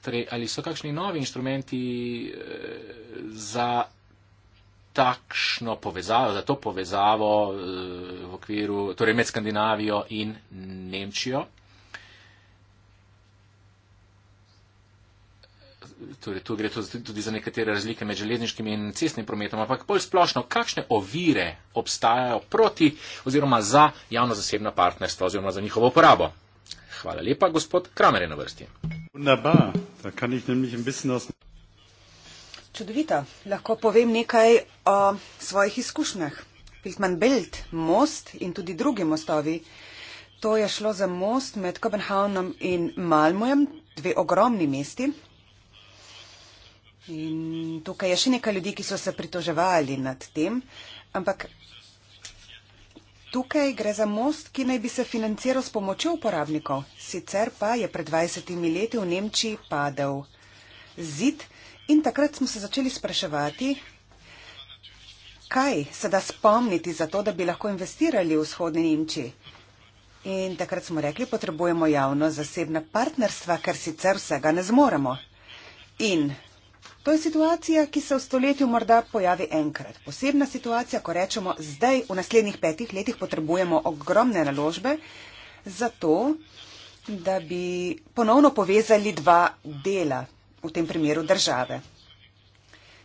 Torej, ali so kakšni novi inštrumenti eh, za takšno povezavo, za to povezavo eh, v okviru, torej med Skandinavijo in Nemčijo? torej tu gre tudi za nekatere razlike med železniškim in cestnim prometom, ampak bolj splošno, kakšne ovire obstajajo proti oziroma za javno-zasebno partnerstvo oziroma za njihovo uporabo. Hvala lepa, gospod Kramer je na vrsti. Čudovito, lahko povem nekaj o svojih izkušnjah. Filtman Belt, most in tudi drugi mostovi. To je šlo za most med Kopenhavnom in Malmojem, dve ogromni mesti, In tukaj je še nekaj ljudi, ki so se pritoževali nad tem, ampak tukaj gre za most, ki naj bi se financiral s pomočjo uporabnikov. Sicer pa je pred 20 leti v Nemčiji padel zid in takrat smo se začeli spraševati, kaj se da spomniti za to, da bi lahko investirali v vzhodni Nemčiji. In takrat smo rekli, potrebujemo javno zasebna partnerstva, ker sicer vsega ne zmoremo. In To je situacija, ki se v stoletju morda pojavi enkrat. Posebna situacija, ko rečemo, zdaj v naslednjih petih letih potrebujemo ogromne naložbe, zato da bi ponovno povezali dva dela, v tem primeru države.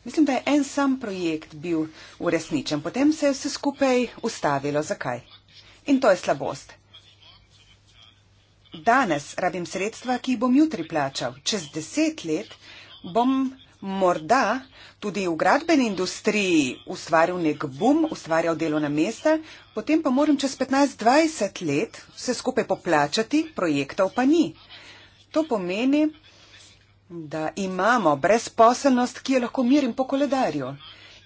Mislim, da je en sam projekt bil uresničen, potem se je vse skupaj ustavilo. Zakaj? In to je slabost. Danes rabim sredstva, ki jih bom jutri plačal. Čez deset let bom morda tudi v gradbeni industriji ustvaril nek bum, ustvarjal delovna mesta, potem pa moram čez 15-20 let vse skupaj poplačati, projektov pa ni. To pomeni, da imamo brezposelnost, ki jo lahko mirim po koledarju.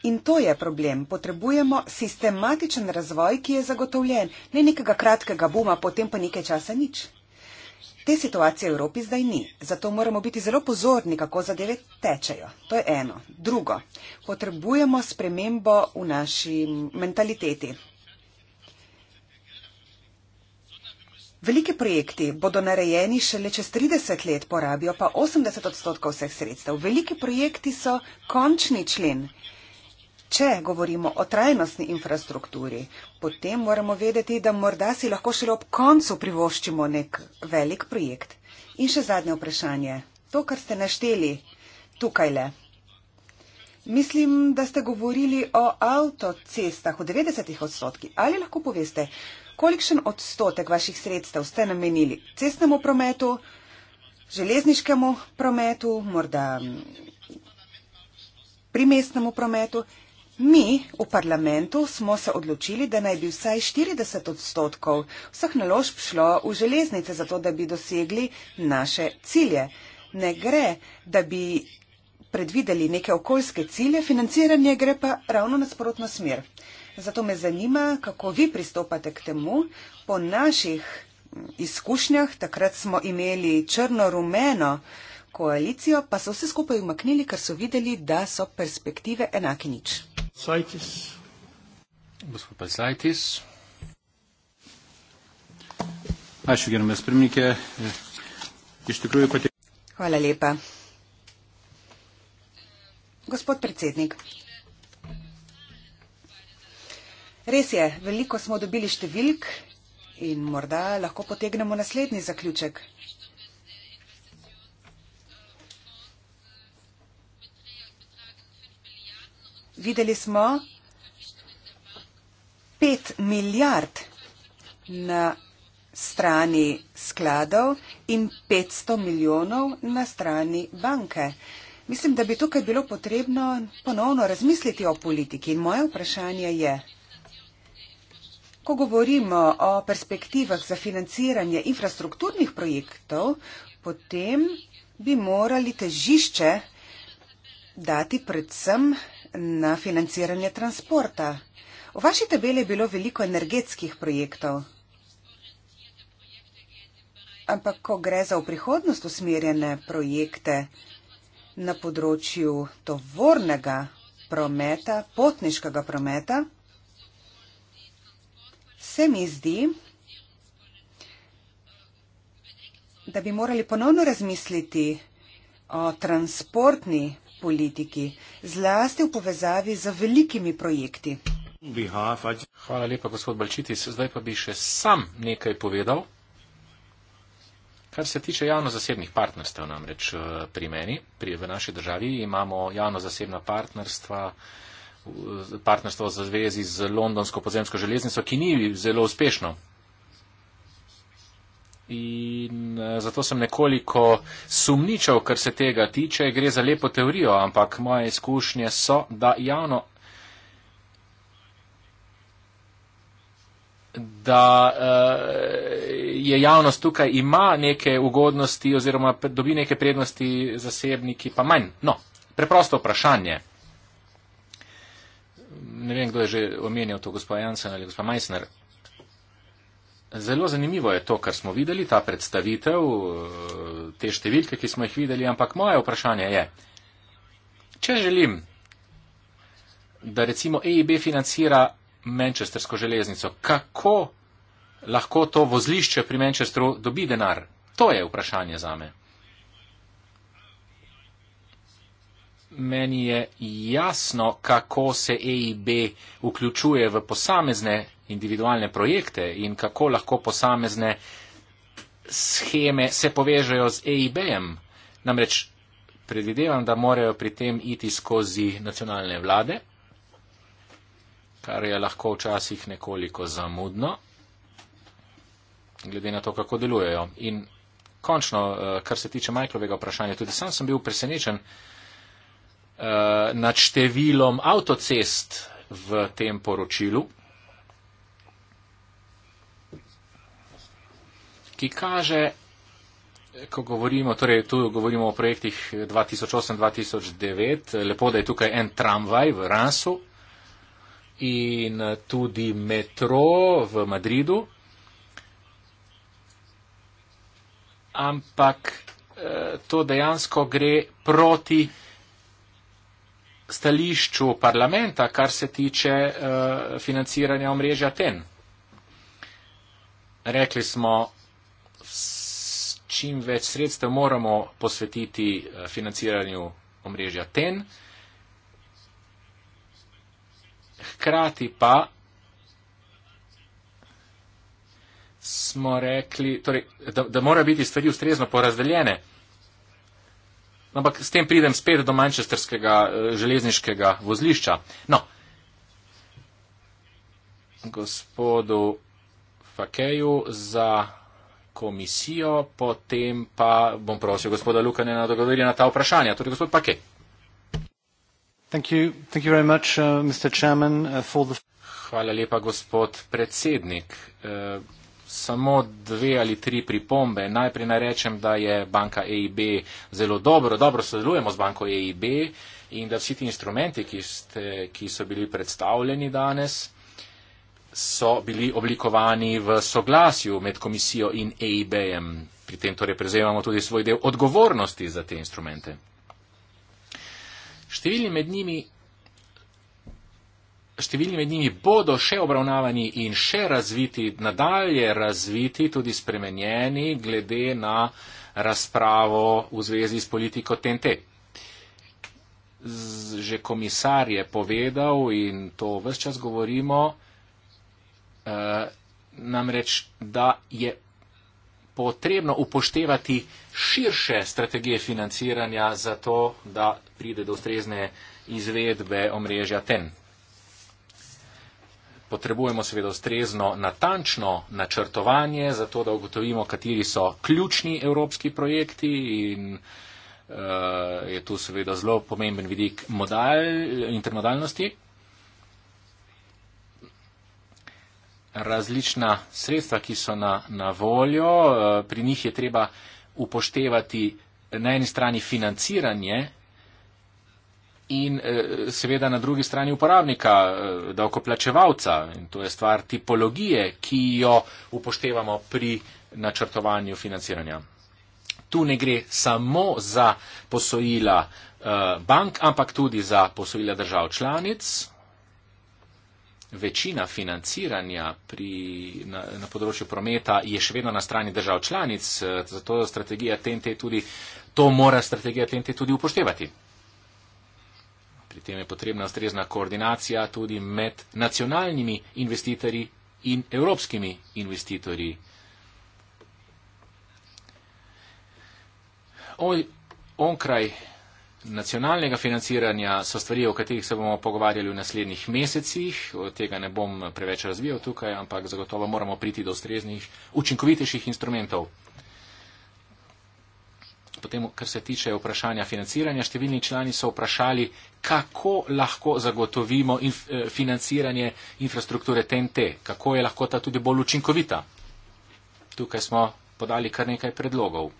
In to je problem. Potrebujemo sistematičen razvoj, ki je zagotovljen, ne nekega kratkega buma, potem pa nekaj časa nič. Te situacije v Evropi zdaj ni, zato moramo biti zelo pozorni, kako zadeve tečejo. To je eno. Drugo, potrebujemo spremembo v naši mentaliteti. Veliki projekti bodo narejeni šele čez 30 let, porabijo pa 80 odstotkov vseh sredstev. Veliki projekti so končni člen. Če govorimo o trajnostni infrastrukturi, potem moramo vedeti, da morda si lahko šele ob koncu privoščimo nek velik projekt. In še zadnje vprašanje. To, kar ste našteli tukaj le. Mislim, da ste govorili o avtocestah v 90 odstotkih. Ali lahko poveste, kolikšen odstotek vaših sredstev ste namenili cestnemu prometu, železniškemu prometu, morda pri mestnemu prometu? Mi v parlamentu smo se odločili, da naj bi vsaj 40 odstotkov vseh naložb šlo v železnice, zato da bi dosegli naše cilje. Ne gre, da bi predvideli neke okoljske cilje, financiranje gre pa ravno nasprotno smer. Zato me zanima, kako vi pristopate k temu. Po naših mm, izkušnjah takrat smo imeli črno-rumeno koalicijo, pa so vse skupaj umaknili, ker so videli, da so perspektive enake nič. Pazaitis. Gospod Pazaitis. Ačiū, gerbiamas pirmininkė. Iš tikrųjų pati. Hvala lepa. Gospod predsednik. Res je, veliko smo dobili številk in morda lahko potegnemo naslednji zaključek. videli smo pet milijard na strani skladov in petsto milijonov na strani banke. Mislim, da bi tukaj bilo potrebno ponovno razmisliti o politiki in moje vprašanje je, ko govorimo o perspektivah za financiranje infrastrukturnih projektov, potem bi morali težišče dati predvsem na financiranje transporta. V vaši tabeli je bilo veliko energetskih projektov. Ampak ko gre za v prihodnost usmerjene projekte na področju tovornega prometa, potniškega prometa, se mi zdi, da bi morali ponovno razmisliti o transportni politiki, zlasti v povezavi z velikimi projekti. Hvala lepa, gospod Balčitis. Zdaj pa bi še sam nekaj povedal, kar se tiče javno-zasebnih partnerstev namreč eh, pri meni, pri, v naši državi imamo javno-zasebna partnerstva, partnerstvo za zvezi z Londonsko podzemsko železnico, ki ni zelo uspešno, In eh, zato sem nekoliko sumničal, kar se tega tiče. Gre za lepo teorijo, ampak moje izkušnje so, da javno. da uh, je javnost tukaj ima neke ugodnosti oziroma dobi neke prednosti zasebniki, pa manj. No, preprosto vprašanje. Ne vem, kdo je že omenil to, gospod Jansen ali gospod Meissner. Zelo zanimivo je to, kar smo videli, ta predstavitev, eh, te številke, ki smo jih videli, ampak moje vprašanje je, če želim, da recimo EIB financira Manchestersko železnico, kako lahko to vozlišče pri Manchesteru dobi denar? To je vprašanje za me. Meni je jasno, kako se EIB vključuje v posamezne individualne projekte in kako lahko posamezne scheme se povežejo z EIB-jem. Namreč predvidevam, da morajo pri tem iti skozi nacionalne vlade, kar je lahko včasih nekoliko zamudno, glede na to, kako delujejo. In končno, eh, kar se tiče Majklovega vprašanja, tudi sam sem bil presenečen eh, nad številom avtocest v tem poročilu. ki kaže, ko govorimo, torej tu govorimo o projektih 2008-2009, lepo, da je tukaj en tramvaj v Ransu in eh, tudi metro v Madridu. Ampak eh, to dejansko gre proti stališču parlamenta, kar se tiče eh, financiranja omrežja TEN. Rekli smo, čim več sredstev moramo posvetiti eh, financiranju omrežja TEN. Hkrati pa smo rekli, torej, da, da mora biti stvari ustrezno porazdeljene. Ampak s tem pridem spet do manjšestrskega eh, železniškega vozlišča. No, gospodu Fakeju za komisijo, potem pa bom prosil gospoda Lukane na dogovorje na ta vprašanja. Torej, gospod Pake. Uh, uh, Hvala lepa, gospod predsednik. Uh, samo dve ali tri pripombe. Najprej naj rečem, da je banka EIB zelo dobro, dobro sodelujemo z banko EIB in da vsi ti instrumenti, ki, ste, ki so bili predstavljeni danes, so bili oblikovani v soglasju med komisijo in EIB-em. Pri tem torej prezevamo tudi svoj del odgovornosti za te instrumente. Številni med njimi. Številni med njimi bodo še obravnavani in še razviti, nadalje razviti, tudi spremenjeni, glede na razpravo v zvezi s politiko TNT. Že komisar je povedal in to vse čas govorimo, Eh, namreč, da je potrebno upoštevati širše strategije financiranja za to, da pride do ustrezne izvedbe omrežja TEN. Potrebujemo seveda ustrezno natančno načrtovanje, zato da ugotovimo, kateri so ključni evropski projekti in uh, je tu seveda zelo pomemben vidik modal, intermodalnosti. različna sredstva, ki so na, na voljo. Eh, pri njih je treba upoštevati na eni strani financiranje in eh, seveda na drugi strani uporabnika, eh, davkoplačevalca. In to je stvar tipologije, ki jo upoštevamo pri načrtovanju financiranja. Tu ne gre samo za posojila bank, ampak tudi za posojila držav članic, večina financiranja pri, na, na področju prometa je še vedno na strani držav članic, eh, zato strategija TNT tudi, to mora strategija TNT tudi upoštevati. Pri tem je potrebna ustrezna koordinacija tudi med nacionalnimi investitorji in evropskimi investitorji. Onkraj on nacionalnega financiranja so stvari, o katerih se bomo pogovarjali v naslednjih mesecih. Od tega ne bom preveč razvijal tukaj, ampak zagotovo moramo priti do ustreznih, učinkovitejših instrumentov. Potem, kar se tiče vprašanja financiranja, številni člani so vprašali, kako lahko zagotovimo inf eh, financiranje infrastrukture TNT, kako je lahko ta tudi bolj učinkovita. Tukaj smo podali kar nekaj predlogov.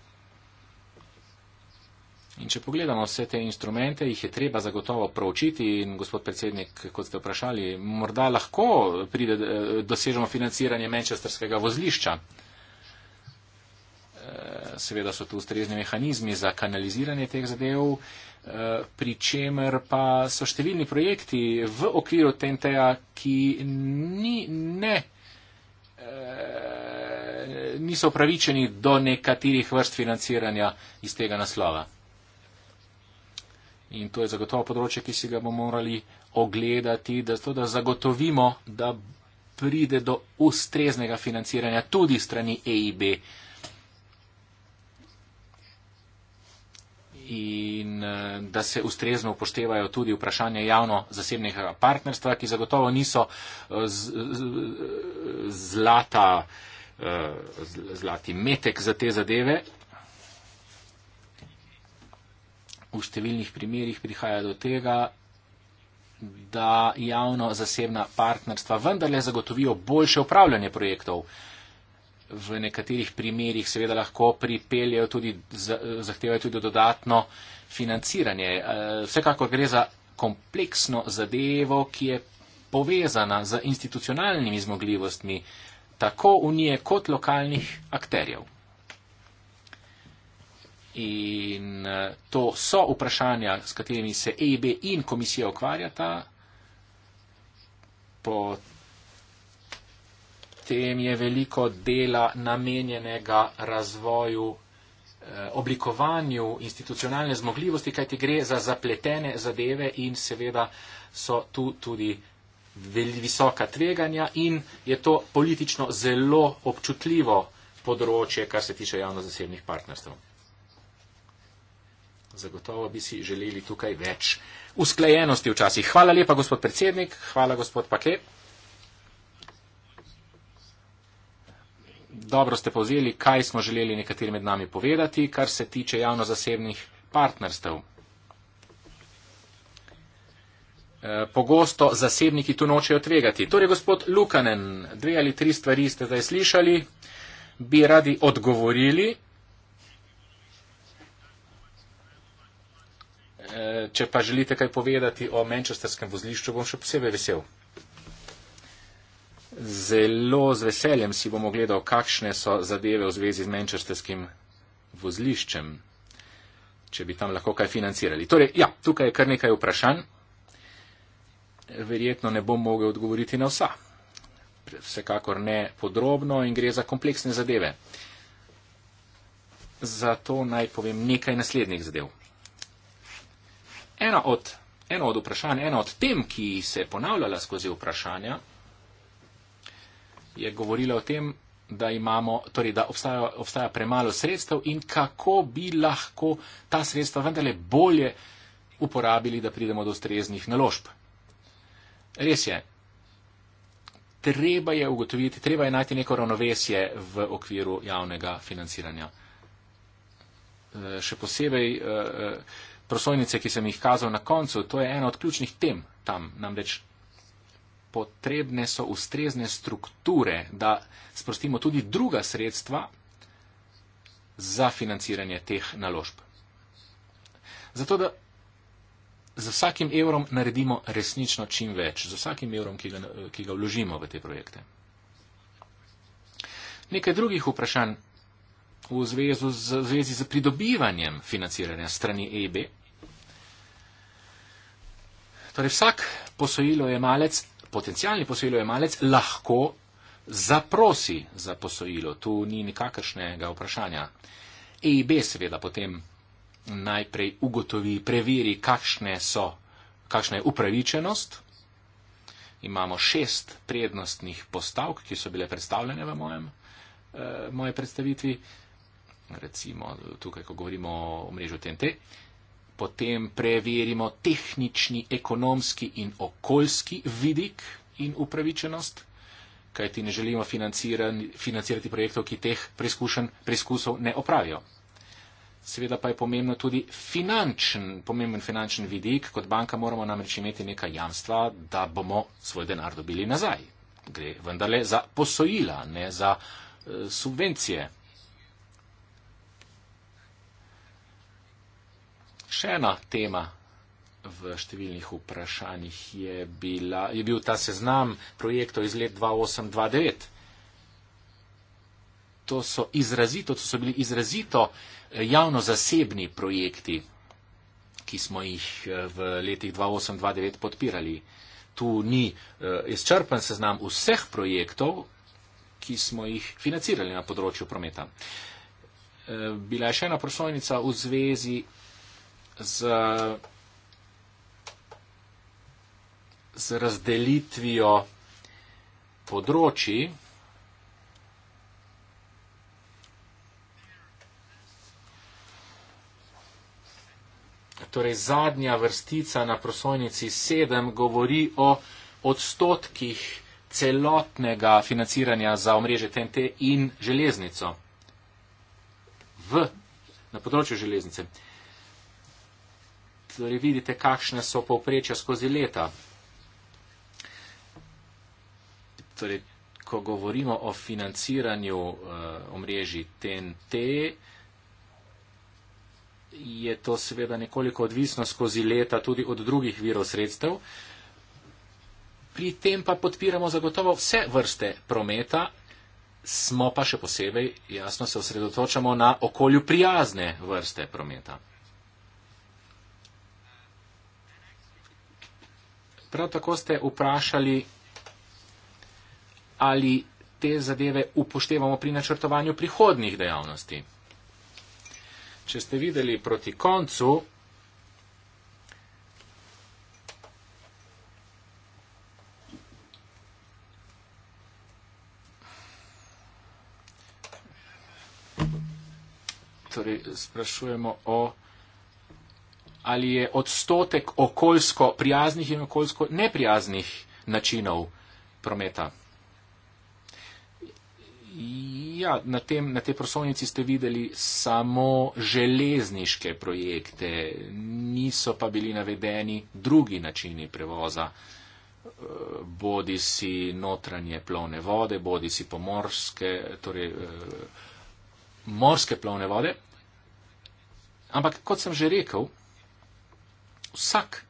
In če pogledamo vse te instrumente, jih je treba zagotovo proučiti in gospod predsednik, kot ste vprašali, morda lahko pride, eh, dosežemo financiranje mečestrskega vozlišča. Eh, seveda so tu ustrezni mehanizmi za kanaliziranje teh zadev, eh, pri čemer pa so številni projekti v okviru TNT-a, ki ni, ne, niso upravičeni do nekaterih vrst financiranja iz tega naslova. In to je zagotovo področje, ki si ga bomo morali ogledati, da, to, da zagotovimo, da pride do ustreznega financiranja tudi strani EIB. In eh, da se ustrezno upoštevajo tudi vprašanja javno-zasebnega partnerstva, ki zagotovo niso eh, z, z, zlata, eh, z, zlati metek za te zadeve, v številnih primerjih prihaja do tega, da javno-zasebna partnerstva vendarle zagotovijo boljše upravljanje projektov. V nekaterih primerjih seveda lahko pripeljejo tudi, zahtevajo tudi dodatno financiranje. Eh, vsekakor gre za kompleksno zadevo, ki je povezana z institucionalnimi zmogljivostmi tako unije kot lokalnih akterjev in eh, to so vprašanja, s katerimi se EB in komisija ukvarjata. Potem je veliko dela namenjenega razvoju, eh, oblikovanju institucionalne zmogljivosti, kajti gre za zapletene zadeve in seveda so tu tudi visoka tveganja in je to politično zelo občutljivo področje, kar se tiče javno-zasebnih partnerstv. Zagotovo bi si želeli tukaj več usklajenosti včasih. Hvala lepa, gospod predsednik. Hvala, gospod Pake. Dobro ste povzeli, kaj smo želeli nekateri med nami povedati, kar se tiče javno-zasebnih partnerstev. E, pogosto zasebniki tu nočejo tvegati. Torej, gospod Lukanen, dve ali tri stvari ste zdaj slišali, bi radi odgovorili. Eh, če pa želite kaj povedati o mančesterskem vozlišču, bom še posebej vesel. Zelo z veseljem si bomo gledali, kakšne so zadeve v zvezi z mančesterskim vozliščem, če bi tam lahko kaj financirali. Torej, ja, tukaj je kar nekaj vprašanj. Verjetno ne bom mogel odgovoriti na vsa. Vsekakor ne podrobno in gre za kompleksne zadeve. Zato naj povem nekaj naslednjih zadev ena od, eno od vprašanj, ena od tem, ki se je ponavljala skozi vprašanja, je govorila o tem, da, imamo, torej, da obstaja, obstaja premalo sredstev in kako bi lahko ta sredstva vendarle bolje uporabili, da pridemo do ustreznih naložb. Res je, treba je ugotoviti, treba je najti neko ravnovesje v okviru javnega financiranja. E, še posebej e, e, prosojnice, ki sem jih kazal na koncu, to je ena od ključnih tem tam. Namreč potrebne so ustrezne strukture, da sprostimo tudi druga sredstva za financiranje teh naložb. Zato, da z vsakim evrom naredimo resnično čim več, z vsakim evrom, ki ga, ki ga vložimo v te projekte. Nekaj drugih vprašanj v zvezi z, z pridobivanjem financiranja strani EIB Torej vsak posojilojemalec, potencijalni posojilojemalec lahko zaprosi za posojilo. Tu ni nikakršnega vprašanja. EIB seveda potem najprej ugotovi, preveri, kakšna je upravičenost. Imamo šest prednostnih postavk, ki so bile predstavljene v mojem, eh, moje predstavitvi. Recimo tukaj, ko govorimo o mrežu TNT potem preverimo tehnični, ekonomski in okoljski vidik in upravičenost, kajti ne želimo financirati projektov, ki teh preizkusov ne opravijo. Seveda pa je pomembno tudi finančen, pomemben finančen vidik, kot banka moramo namreč imeti nekaj jamstva, da bomo svoj denar dobili nazaj. Gre vendarle za posojila, ne za eh, subvencije. Še ena tema v številnih vprašanjih je, bila, je bil ta seznam projektov iz let 2008-2009. To so izrazito, to so bili izrazito eh, javno-zasebni projekti, ki smo jih eh, v letih 2008-2009 podpirali. Tu ni eh, izčrpen seznam vseh projektov, ki smo jih financirali na področju prometa. Bila je še ena prosojnica v zvezi z, z razdelitvijo področji. Torej, zadnja vrstica na prosojnici 7 govori o odstotkih celotnega financiranja za omrežje TNT in železnico v, na področju železnice torej vidite, kakšne so povprečja skozi leta. Torej, ko govorimo o financiranju uh, eh, omrežji TNT, je to seveda nekoliko odvisno skozi leta tudi od drugih virov sredstev. Pri tem pa podpiramo zagotovo vse vrste prometa, smo pa še posebej, jasno, se osredotočamo na okolju prijazne vrste prometa. Prav tako ste vprašali, ali te zadeve upoštevamo pri načrtovanju prihodnih dejavnosti. Če ste videli proti koncu, torej sprašujemo o ali je odstotek okoljsko prijaznih in okoljsko neprijaznih načinov prometa. Ja, na, tem, na tej prosovnici ste videli samo železniške projekte, niso pa bili navedeni drugi načini prevoza, eh, bodi si notranje plovne vode, bodi si pomorske, torej eh, morske plovne vode. Ampak kot sem že rekel, Vsak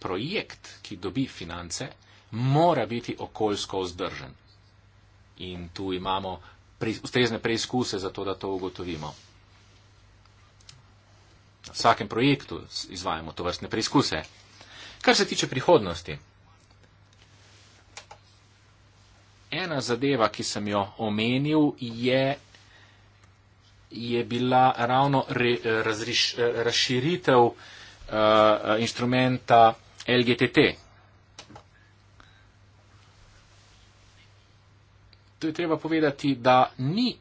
projekt, ki dobi finance, mora biti okoljsko vzdržen. In tu imamo pre, ustrezne preizkuse za to, da to ugotovimo. Na vsakem projektu izvajamo to vrstne preizkuse. Kar se tiče prihodnosti, ena zadeva, ki sem jo omenil, je, je bila ravno re, razriš, razširitev uh, instrumenta LGTT. To je treba povedati, da ni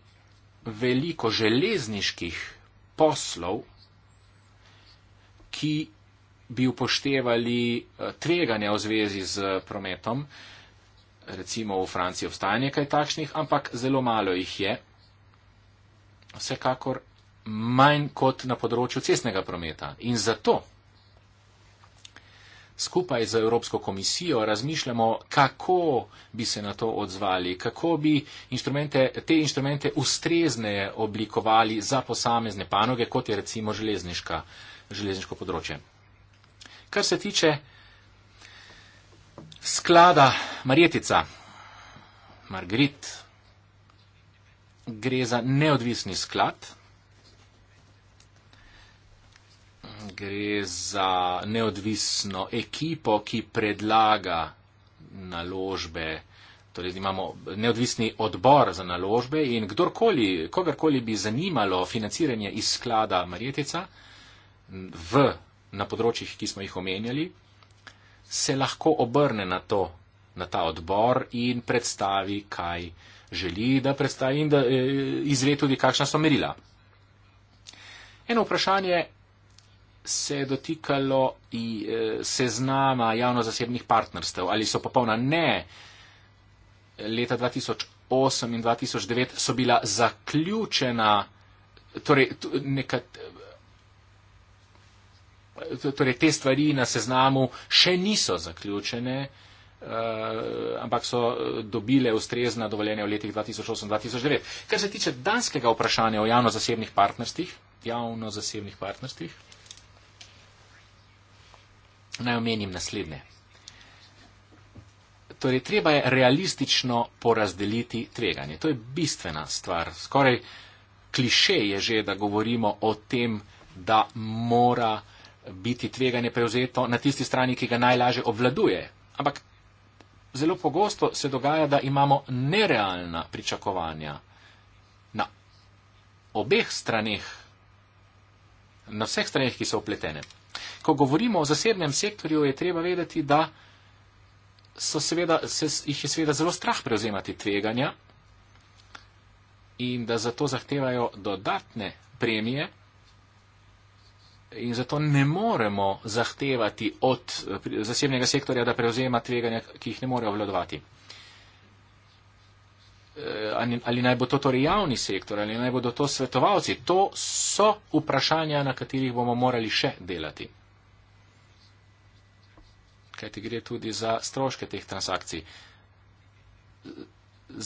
veliko železniških poslov, ki bi upoštevali eh, tveganja v zvezi z prometom. Recimo v Franciji obstaja nekaj takšnih, ampak zelo malo jih je. Vsekakor manj kot na področju cestnega prometa. In zato skupaj z Evropsko komisijo razmišljamo, kako bi se na to odzvali, kako bi instrumente, te instrumente ustrezne oblikovali za posamezne panoge, kot je recimo železniško področje. Kar se tiče sklada Marjetica, Margrit, gre za neodvisni sklad. gre za neodvisno ekipo, ki predlaga naložbe. Torej, imamo neodvisni odbor za naložbe in kdorkoli, kogarkoli bi zanimalo financiranje iz sklada Marjetica v, na področjih, ki smo jih omenjali, se lahko obrne na, to, na ta odbor in predstavi, kaj želi, da predstavi in da e, izve tudi, kakšna so merila. Eno vprašanje se je dotikalo i, e, seznama javno-zasebnih partnerstev ali so popolna ne. Leta 2008 in 2009 so bila zaključena, torej, nekat, torej te stvari na seznamu še niso zaključene, e, ampak so e, dobile ustrezna dovoljenja v letih 2008-2009. Kar se tiče danskega vprašanja o javno-zasebnih partnerstvih, javno-zasebnih partnerstvih, Naj omenim naslednje. Torej, treba je realistično porazdeliti tveganje. To je bistvena stvar. Skoraj kliše je že, da govorimo o tem, da mora biti tveganje prevzeto na tisti strani, ki ga najlažje obvladuje. Ampak zelo pogosto se dogaja, da imamo nerealna pričakovanja na obeh straneh, na vseh straneh, ki so upletene. Ko govorimo o zasebnem sektorju, je treba vedeti, da seveda, se, jih je seveda zelo strah prevzemati tveganja in da zato zahtevajo dodatne premije in zato ne moremo zahtevati od eh, zasebnega sektorja, da prevzema tveganja, ki jih ne morejo vladovati. Eh, ali, ali naj bo to torej javni sektor, ali naj bodo to svetovalci. To so vprašanja, na katerih bomo morali še delati. Kaj ti gre tudi za stroške teh transakcij.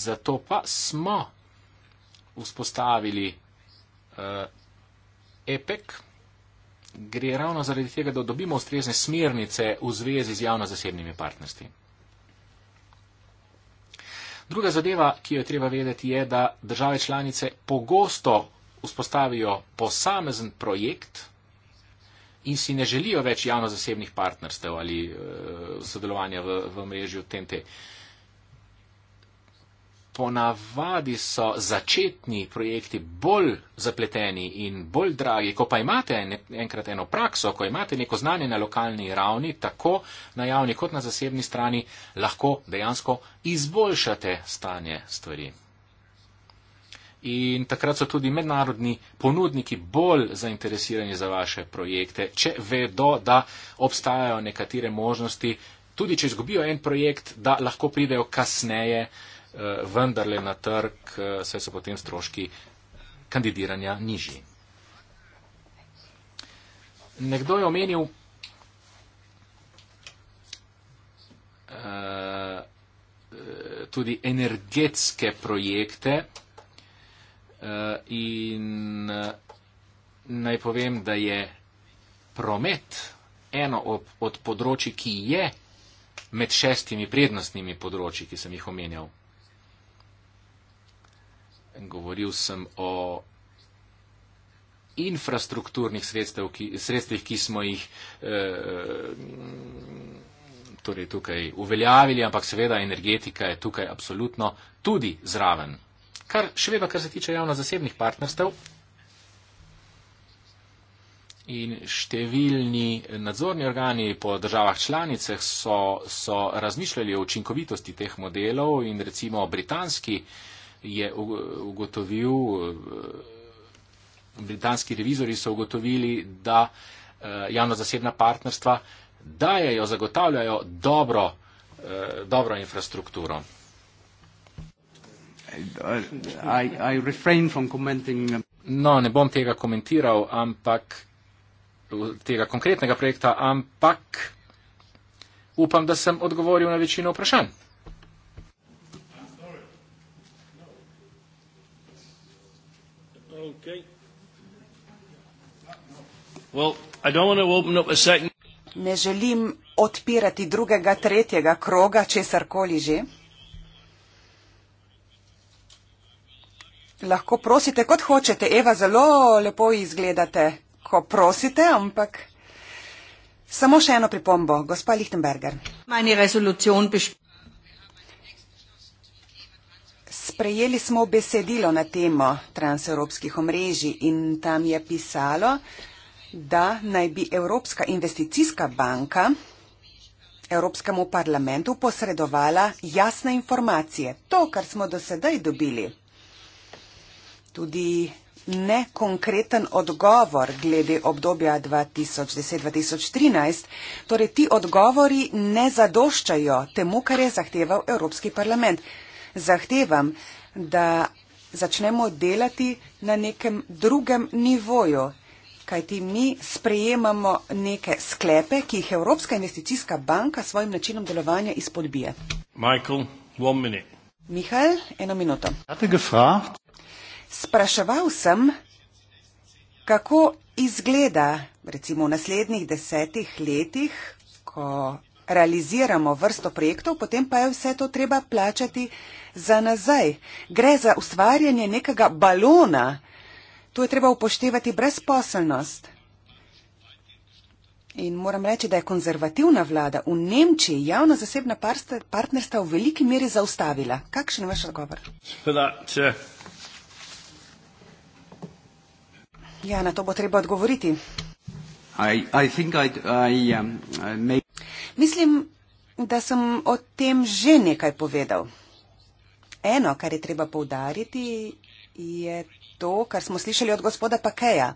Zato pa smo vzpostavili uh, eh, EPEC, gre ravno zaradi tega, da dobimo ustrezne smernice v zvezi z javno-zasebnimi partnerstvi. Druga zadeva, ki jo je treba vedeti, je, da države članice pogosto vzpostavijo posamezen projekt in si ne želijo več javno-zasebnih partnerstev ali uh, sodelovanja v, v mreži v TNT. Uh, ponavadi so začetni projekti bolj zapleteni in bolj dragi. Ko pa imate enkrat eno prakso, ko imate neko znanje na lokalni ravni, tako na javni kot na zasebni strani, lahko dejansko izboljšate stanje stvari. In takrat so tudi mednarodni ponudniki bolj zainteresirani za vaše projekte, če vedo, da obstajajo nekatere možnosti, tudi če izgubijo en projekt, da lahko pridejo kasneje uh, Eh, vendarle na trg, eh, saj so potem stroški kandidiranja nižji. Nekdo je omenil, eh, tudi energetske projekte in naj povem, da je promet eno od področji, ki je med šestimi prednostnimi področji, ki sem jih omenjal govoril sem o infrastrukturnih sredstev, ki, sredstvih, ki smo jih e, torej tukaj uveljavili, ampak seveda energetika je tukaj absolutno tudi zraven. Kar še vedno, kar se tiče javno-zasebnih partnerstev in številni nadzorni organi po državah članicah so, so razmišljali o učinkovitosti teh modelov in recimo britanski eh, je ugotovil, eh, britanski revizori so ugotovili, da eh, javno-zasebna partnerstva dajejo, zagotavljajo dobro, eh, dobro infrastrukturo. No, ne bom tega komentiral, ampak tega konkretnega projekta, ampak upam, da sem odgovoril na večino vprašanj. Ne želim odpirati drugega, tretjega kroga, česar koli že. Lahko prosite, kot hočete. Eva, zelo lepo izgledate, ko prosite, ampak. Samo še eno pripombo, gospa Lichtenberger. Sprejeli smo besedilo na temo transevropskih omrežij in tam je pisalo, da naj bi Evropska investicijska banka Evropskemu parlamentu posredovala jasne informacije. To, kar smo do sedaj dobili, tudi nekonkreten odgovor glede obdobja 2010-2013, torej ti odgovori ne zadoščajo temu, kar je zahteval Evropski parlament. Zahtevam, da začnemo delati na nekem drugem nivoju kajti mi sprejemamo neke sklepe, ki jih Evropska investicijska banka svojim načinom delovanja izpodbije. Michael, Mihael, eno minuto. Ja Spraševal sem, kako izgleda recimo v naslednjih desetih letih, ko realiziramo vrsto projektov, potem pa je vse to treba plačati za nazaj. Gre za ustvarjanje nekega balona, Tu je treba upoštevati brezposelnost. In moram reči, da je konzervativna vlada v Nemčiji javna zasebna partnerstva v veliki meri zaustavila. Kakšen je vaš odgovor? Ja, na to bo treba odgovoriti. I, I I, I, um, I Mislim, da sem o tem že nekaj povedal. Eno, kar je treba poudariti, je to, kar smo slišali od gospoda Pakeja.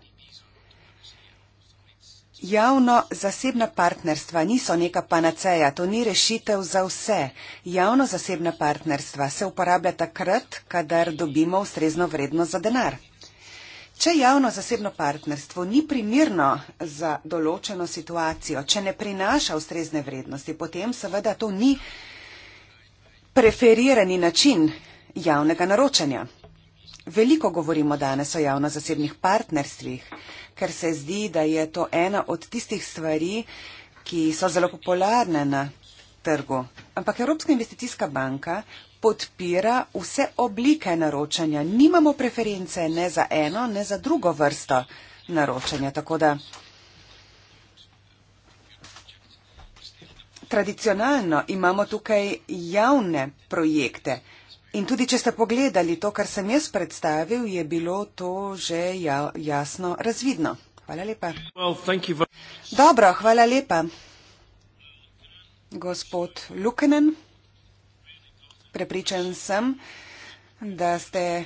Javno-zasebna partnerstva niso neka panaceja, to ni rešitev za vse. Javno-zasebna partnerstva se uporablja takrat, kadar dobimo ustrezno vrednost za denar. Če javno-zasebno partnerstvo ni primirno za določeno situacijo, če ne prinaša ustrezne vrednosti, potem seveda to ni preferirani način javnega naročanja. Veliko govorimo danes o javno-zasebnih partnerstvih, ker se zdi, da je to ena od tistih stvari, ki so zelo popularne na trgu. Ampak Evropska investicijska banka podpira vse oblike naročanja. Nimamo preference ne za eno, ne za drugo vrsto naročanja. Tako da tradicionalno imamo tukaj javne projekte. In tudi, če ste pogledali to, kar sem jaz predstavil, je bilo to že ja, jasno razvidno. Hvala lepa. Well, very... Dobro, hvala lepa. Gospod Lukenen, prepričan sem, da ste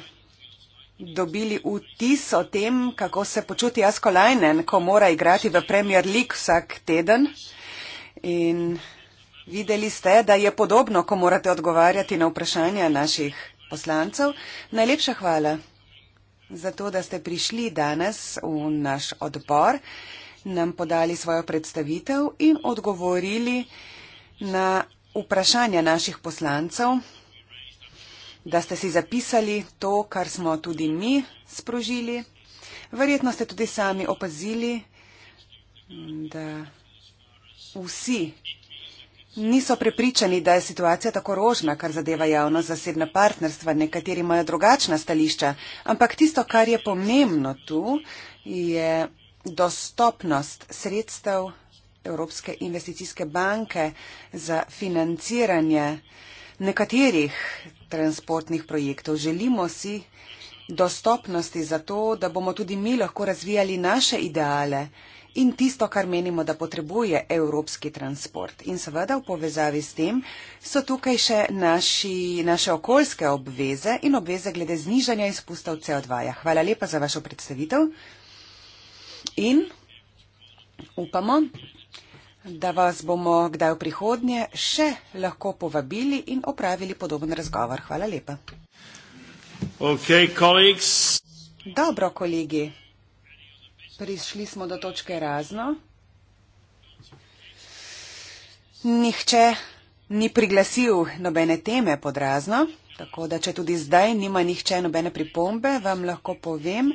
dobili vtis o tem, kako se počuti Asko Lajnen, ko mora igrati v Premier League vsak teden. In Videli ste, da je podobno, ko morate odgovarjati na vprašanja naših poslancev. Najlepša hvala za to, da ste prišli danes v naš odbor, nam podali svojo predstavitev in odgovorili na vprašanja naših poslancev, da ste si zapisali to, kar smo tudi mi sprožili. Verjetno ste tudi sami opazili, da vsi Niso prepričani, da je situacija tako rožna, kar zadeva javno zasebna partnerstva. Nekateri imajo drugačna stališča, ampak tisto, kar je pomembno tu, je dostopnost sredstev Evropske investicijske banke za financiranje nekaterih transportnih projektov. Želimo si dostopnosti za to, da bomo tudi mi lahko razvijali naše ideale in tisto, kar menimo, da potrebuje evropski transport. In seveda v povezavi s tem so tukaj še naši, naše okoljske obveze in obveze glede znižanja izpustov CO2. -ja. Hvala lepa za vašo predstavitev in upamo, da vas bomo kdaj v prihodnje še lahko povabili in opravili podoben razgovor. Hvala lepa. Okay, Dobro, kolegi. Prišli smo do točke razno. Nihče ni priglasil nobene teme pod razno, tako da če tudi zdaj nima nihče nobene pripombe, vam lahko povem,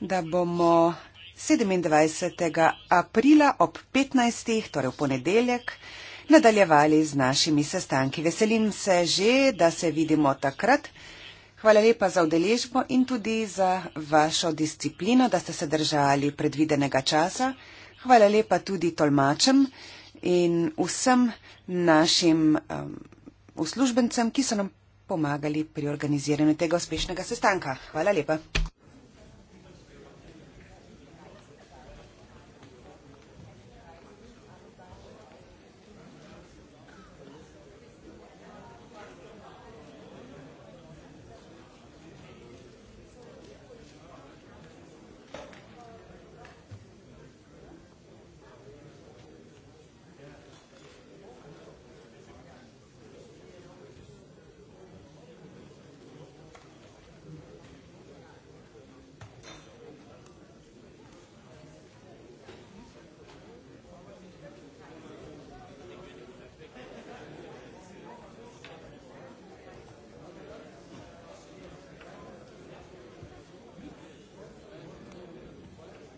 da bomo 27. aprila ob 15. torej v ponedeljek nadaljevali z našimi sestanki. Veselim se že, da se vidimo takrat. Hvala lepa za udeležbo in tudi za vašo disciplino, da ste se držali predvidenega časa. Hvala lepa tudi tolmačem in vsem našim um, uslužbencem, ki so nam pomagali pri organiziranju tega uspešnega sestanka. Hvala lepa.